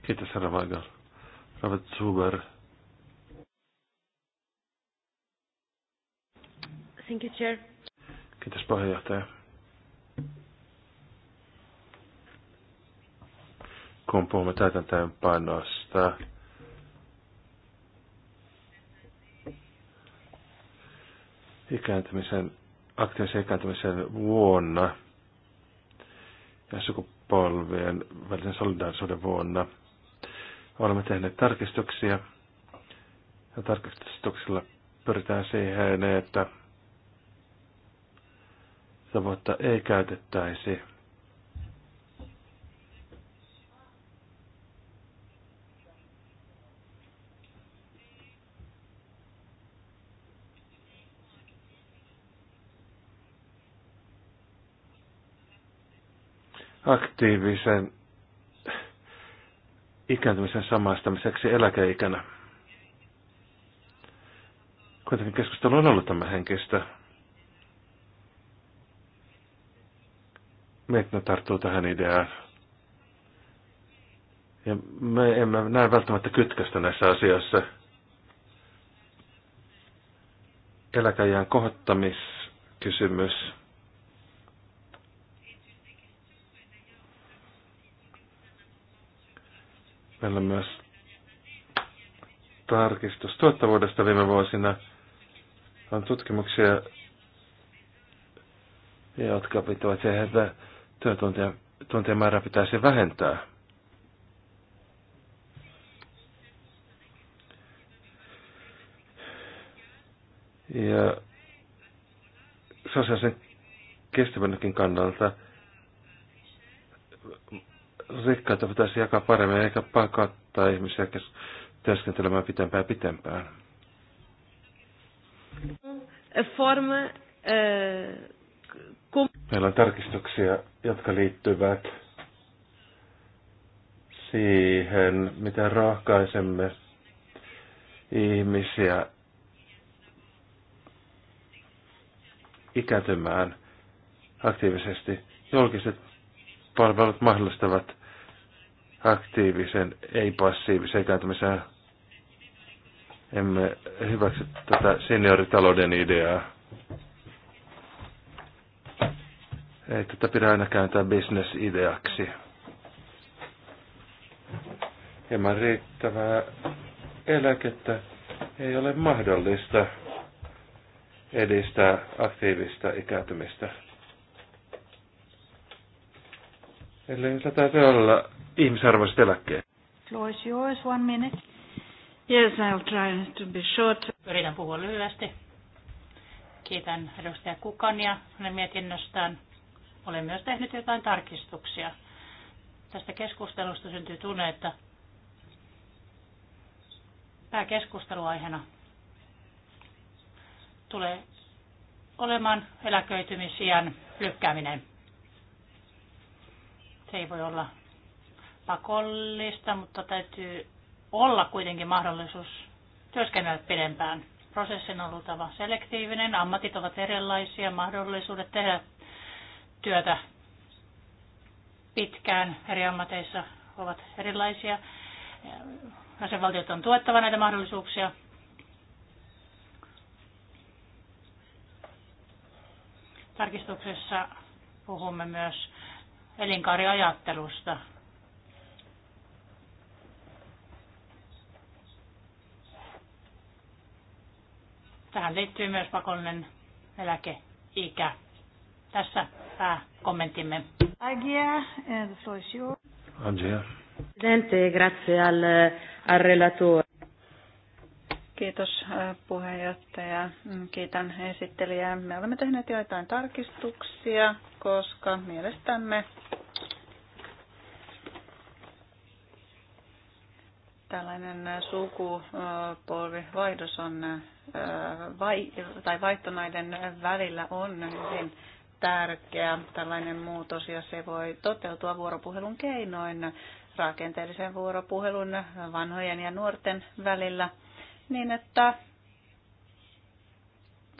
C: Kiitos, herra Weigel. Robert Zuber Thank you, Chair. Kiitos puheenjohtaja. Kun puhumme täytäntöönpanosta, ikääntymisen, aktiivisen ikääntymisen vuonna ja sukupolvien välisen solidaarisuuden vuonna olemme tehneet tarkistuksia. Ja tarkistuksilla pyritään siihen, että savuutta ei käytettäisi. aktiivisen ikääntymisen samaistamiseksi eläkeikänä. Kuitenkin keskustelu on ollut tämä henkistä. Metna tarttuu tähän ideaan. Ja me emme näe välttämättä kytköstä näissä asioissa. Eläkäjään kohottamiskysymys. Meillä on myös tarkistus tuottavuudesta viime vuosina. On tutkimuksia, jotka pitävät siihen, että työtuntien määrää pitäisi vähentää. Ja sosiaalisen kestävänkin kannalta rikkaita pitäisi jakaa paremmin eikä pakottaa ihmisiä työskentelemään pitempään ja pitempään. forma uh, Meillä on tarkistuksia, jotka liittyvät siihen, miten rohkaisemme ihmisiä ikääntymään aktiivisesti. Julkiset palvelut mahdollistavat aktiivisen, ei-passiivisen ikääntymisen. Emme hyväksy tätä senioritalouden ideaa. Ei tätä pidä aina kääntää bisnesideaksi. Hieman riittävää eläkettä ei ole mahdollista edistää aktiivista ikääntymistä. Eli sillä täytyy olla ihmisarvoiset eläkkeet.
A: Floor is yours, one minute.
B: Yes, I'll try to be short. Yritän puhua lyhyesti. Kiitän edustaja Kukania hänen mietinnöstään. Olen myös tehnyt jotain tarkistuksia. Tästä keskustelusta syntyy tunne, että pääkeskusteluaiheena tulee olemaan eläköitymisiän lykkääminen. Se ei voi olla pakollista, mutta täytyy olla kuitenkin mahdollisuus työskennellä pidempään. Prosessin on oltava selektiivinen, ammatit ovat erilaisia, mahdollisuudet tehdä työtä pitkään eri ammateissa ovat erilaisia. Asevaltiot on tuettava näitä mahdollisuuksia. Tarkistuksessa puhumme myös elinkaariajattelusta. Tähän liittyy myös pakollinen eläkeikä. Tässä pääkommenttimme.
A: Agia, eh, the floor is yours.
B: Agia. Presidente, grazie al, al relatore.
A: Kiitos eh, puheenjohtaja. Kiitän esittelijää. Me olemme tehneet joitain tarkistuksia, koska mielestämme tällainen sukupolvivaihdos on, eh, vai, tai vaihtonaiden välillä on hyvin tärkeä tällainen muutos ja se voi toteutua vuoropuhelun keinoin, rakenteellisen vuoropuhelun vanhojen ja nuorten välillä, niin että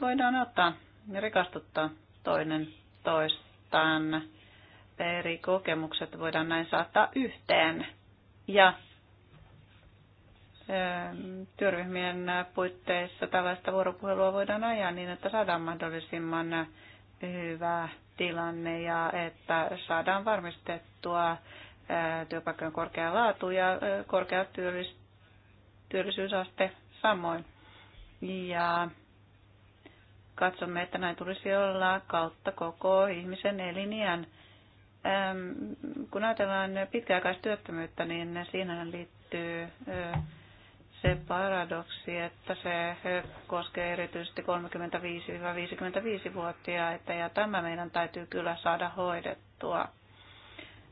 A: voidaan ottaa ja rikastuttaa toinen toistaan. Eri kokemukset voidaan näin saattaa yhteen. Ja ähm, työryhmien puitteissa tällaista vuoropuhelua voidaan ajaa niin, että saadaan mahdollisimman hyvä tilanne ja että saadaan varmistettua työpaikkojen korkea laatu ja korkea työllisyysaste samoin. Ja katsomme, että näin tulisi olla kautta koko ihmisen eliniän. Kun ajatellaan pitkäaikaistyöttömyyttä, niin siinä liittyy se paradoksi, että se koskee erityisesti 35-55-vuotiaita ja tämä meidän täytyy kyllä saada hoidettua.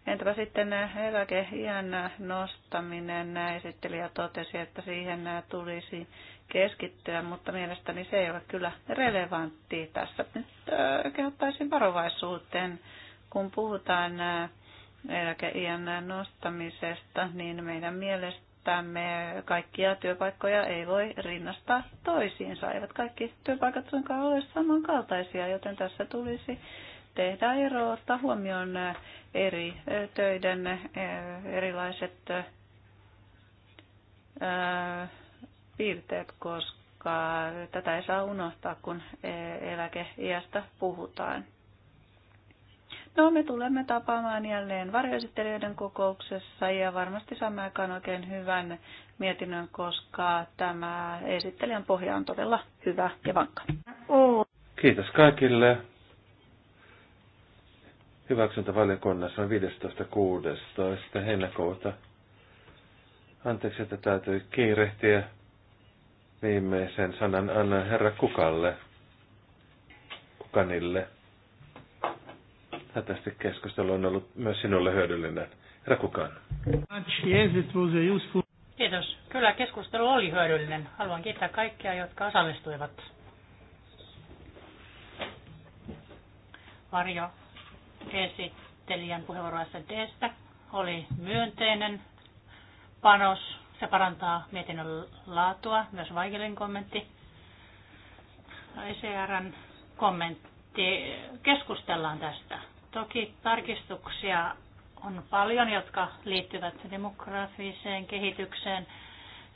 A: Entäpä sitten eläkeiän nostaminen? Esittelijä totesi, että siihen tulisi keskittyä, mutta mielestäni se ei ole kyllä relevantti tässä. Nyt äh, kehottaisin varovaisuuteen, kun puhutaan äh, eläkeiän nostamisesta, niin meidän mielestä tämme kaikkia työpaikkoja ei voi rinnastaa toisiinsa. Eivät kaikki työpaikat suinkaan ole samankaltaisia, joten tässä tulisi tehdä ero, ottaa huomioon eri töiden erilaiset piirteet, koska tätä ei saa unohtaa, kun eläkeiästä puhutaan. No, me tulemme tapaamaan jälleen varjoesittelijöiden kokouksessa ja varmasti saamme aikaan oikein hyvän mietinnön, koska tämä esittelijän pohja on todella hyvä ja vankka.
C: Kiitos kaikille. Hyväksyntävaliokunnassa on 15.16. heinäkuuta. Anteeksi, että täytyy kiirehtiä viimeisen sanan annan herra Kukalle. Kukanille. Tätästi keskustelu on ollut myös sinulle hyödyllinen. Herra kukaan.
B: Kiitos. Kyllä keskustelu oli hyödyllinen. Haluan kiittää kaikkia, jotka osallistuivat. Varjo esittelijän puheenvuoro SDstä oli myönteinen panos. Se parantaa mietinnön laatua, myös Vaikelin kommentti. ICRn e kommentti. Keskustellaan tästä. Toki tarkistuksia on paljon, jotka liittyvät demografiseen kehitykseen.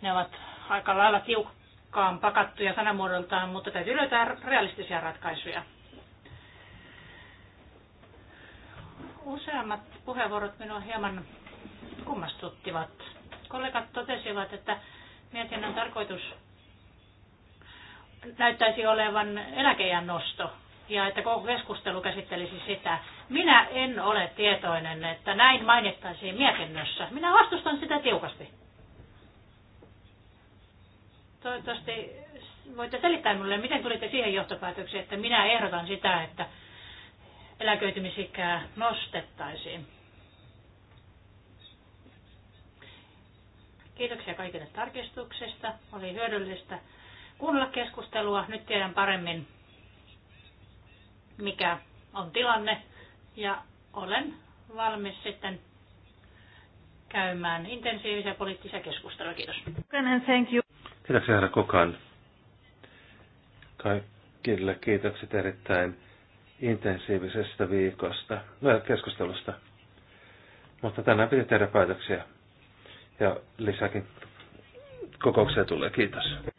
B: Ne ovat aika lailla tiukkaan pakattuja sanamuodoltaan, mutta täytyy löytää realistisia ratkaisuja. Useammat puheenvuorot minua hieman kummastuttivat. Kollegat totesivat, että mietinnön tarkoitus näyttäisi olevan eläkeijän nosto ja että koko keskustelu käsittelisi sitä. Minä en ole tietoinen, että näin mainittaisiin mietinnössä. Minä vastustan sitä tiukasti. Toivottavasti voitte selittää minulle, miten tulitte siihen johtopäätökseen, että minä ehdotan sitä, että eläköitymisikää nostettaisiin. Kiitoksia kaikille tarkistuksesta. Oli hyödyllistä kuunnella keskustelua. Nyt tiedän paremmin, mikä on tilanne. Ja olen valmis sitten käymään intensiivisiä poliittisia keskusteluja. Kiitos.
C: Kiitoksia herra Kokan. Kaikille kiitokset erittäin intensiivisestä viikosta, no, keskustelusta. Mutta tänään piti tehdä päätöksiä ja lisäkin kokouksia tulee. Kiitos.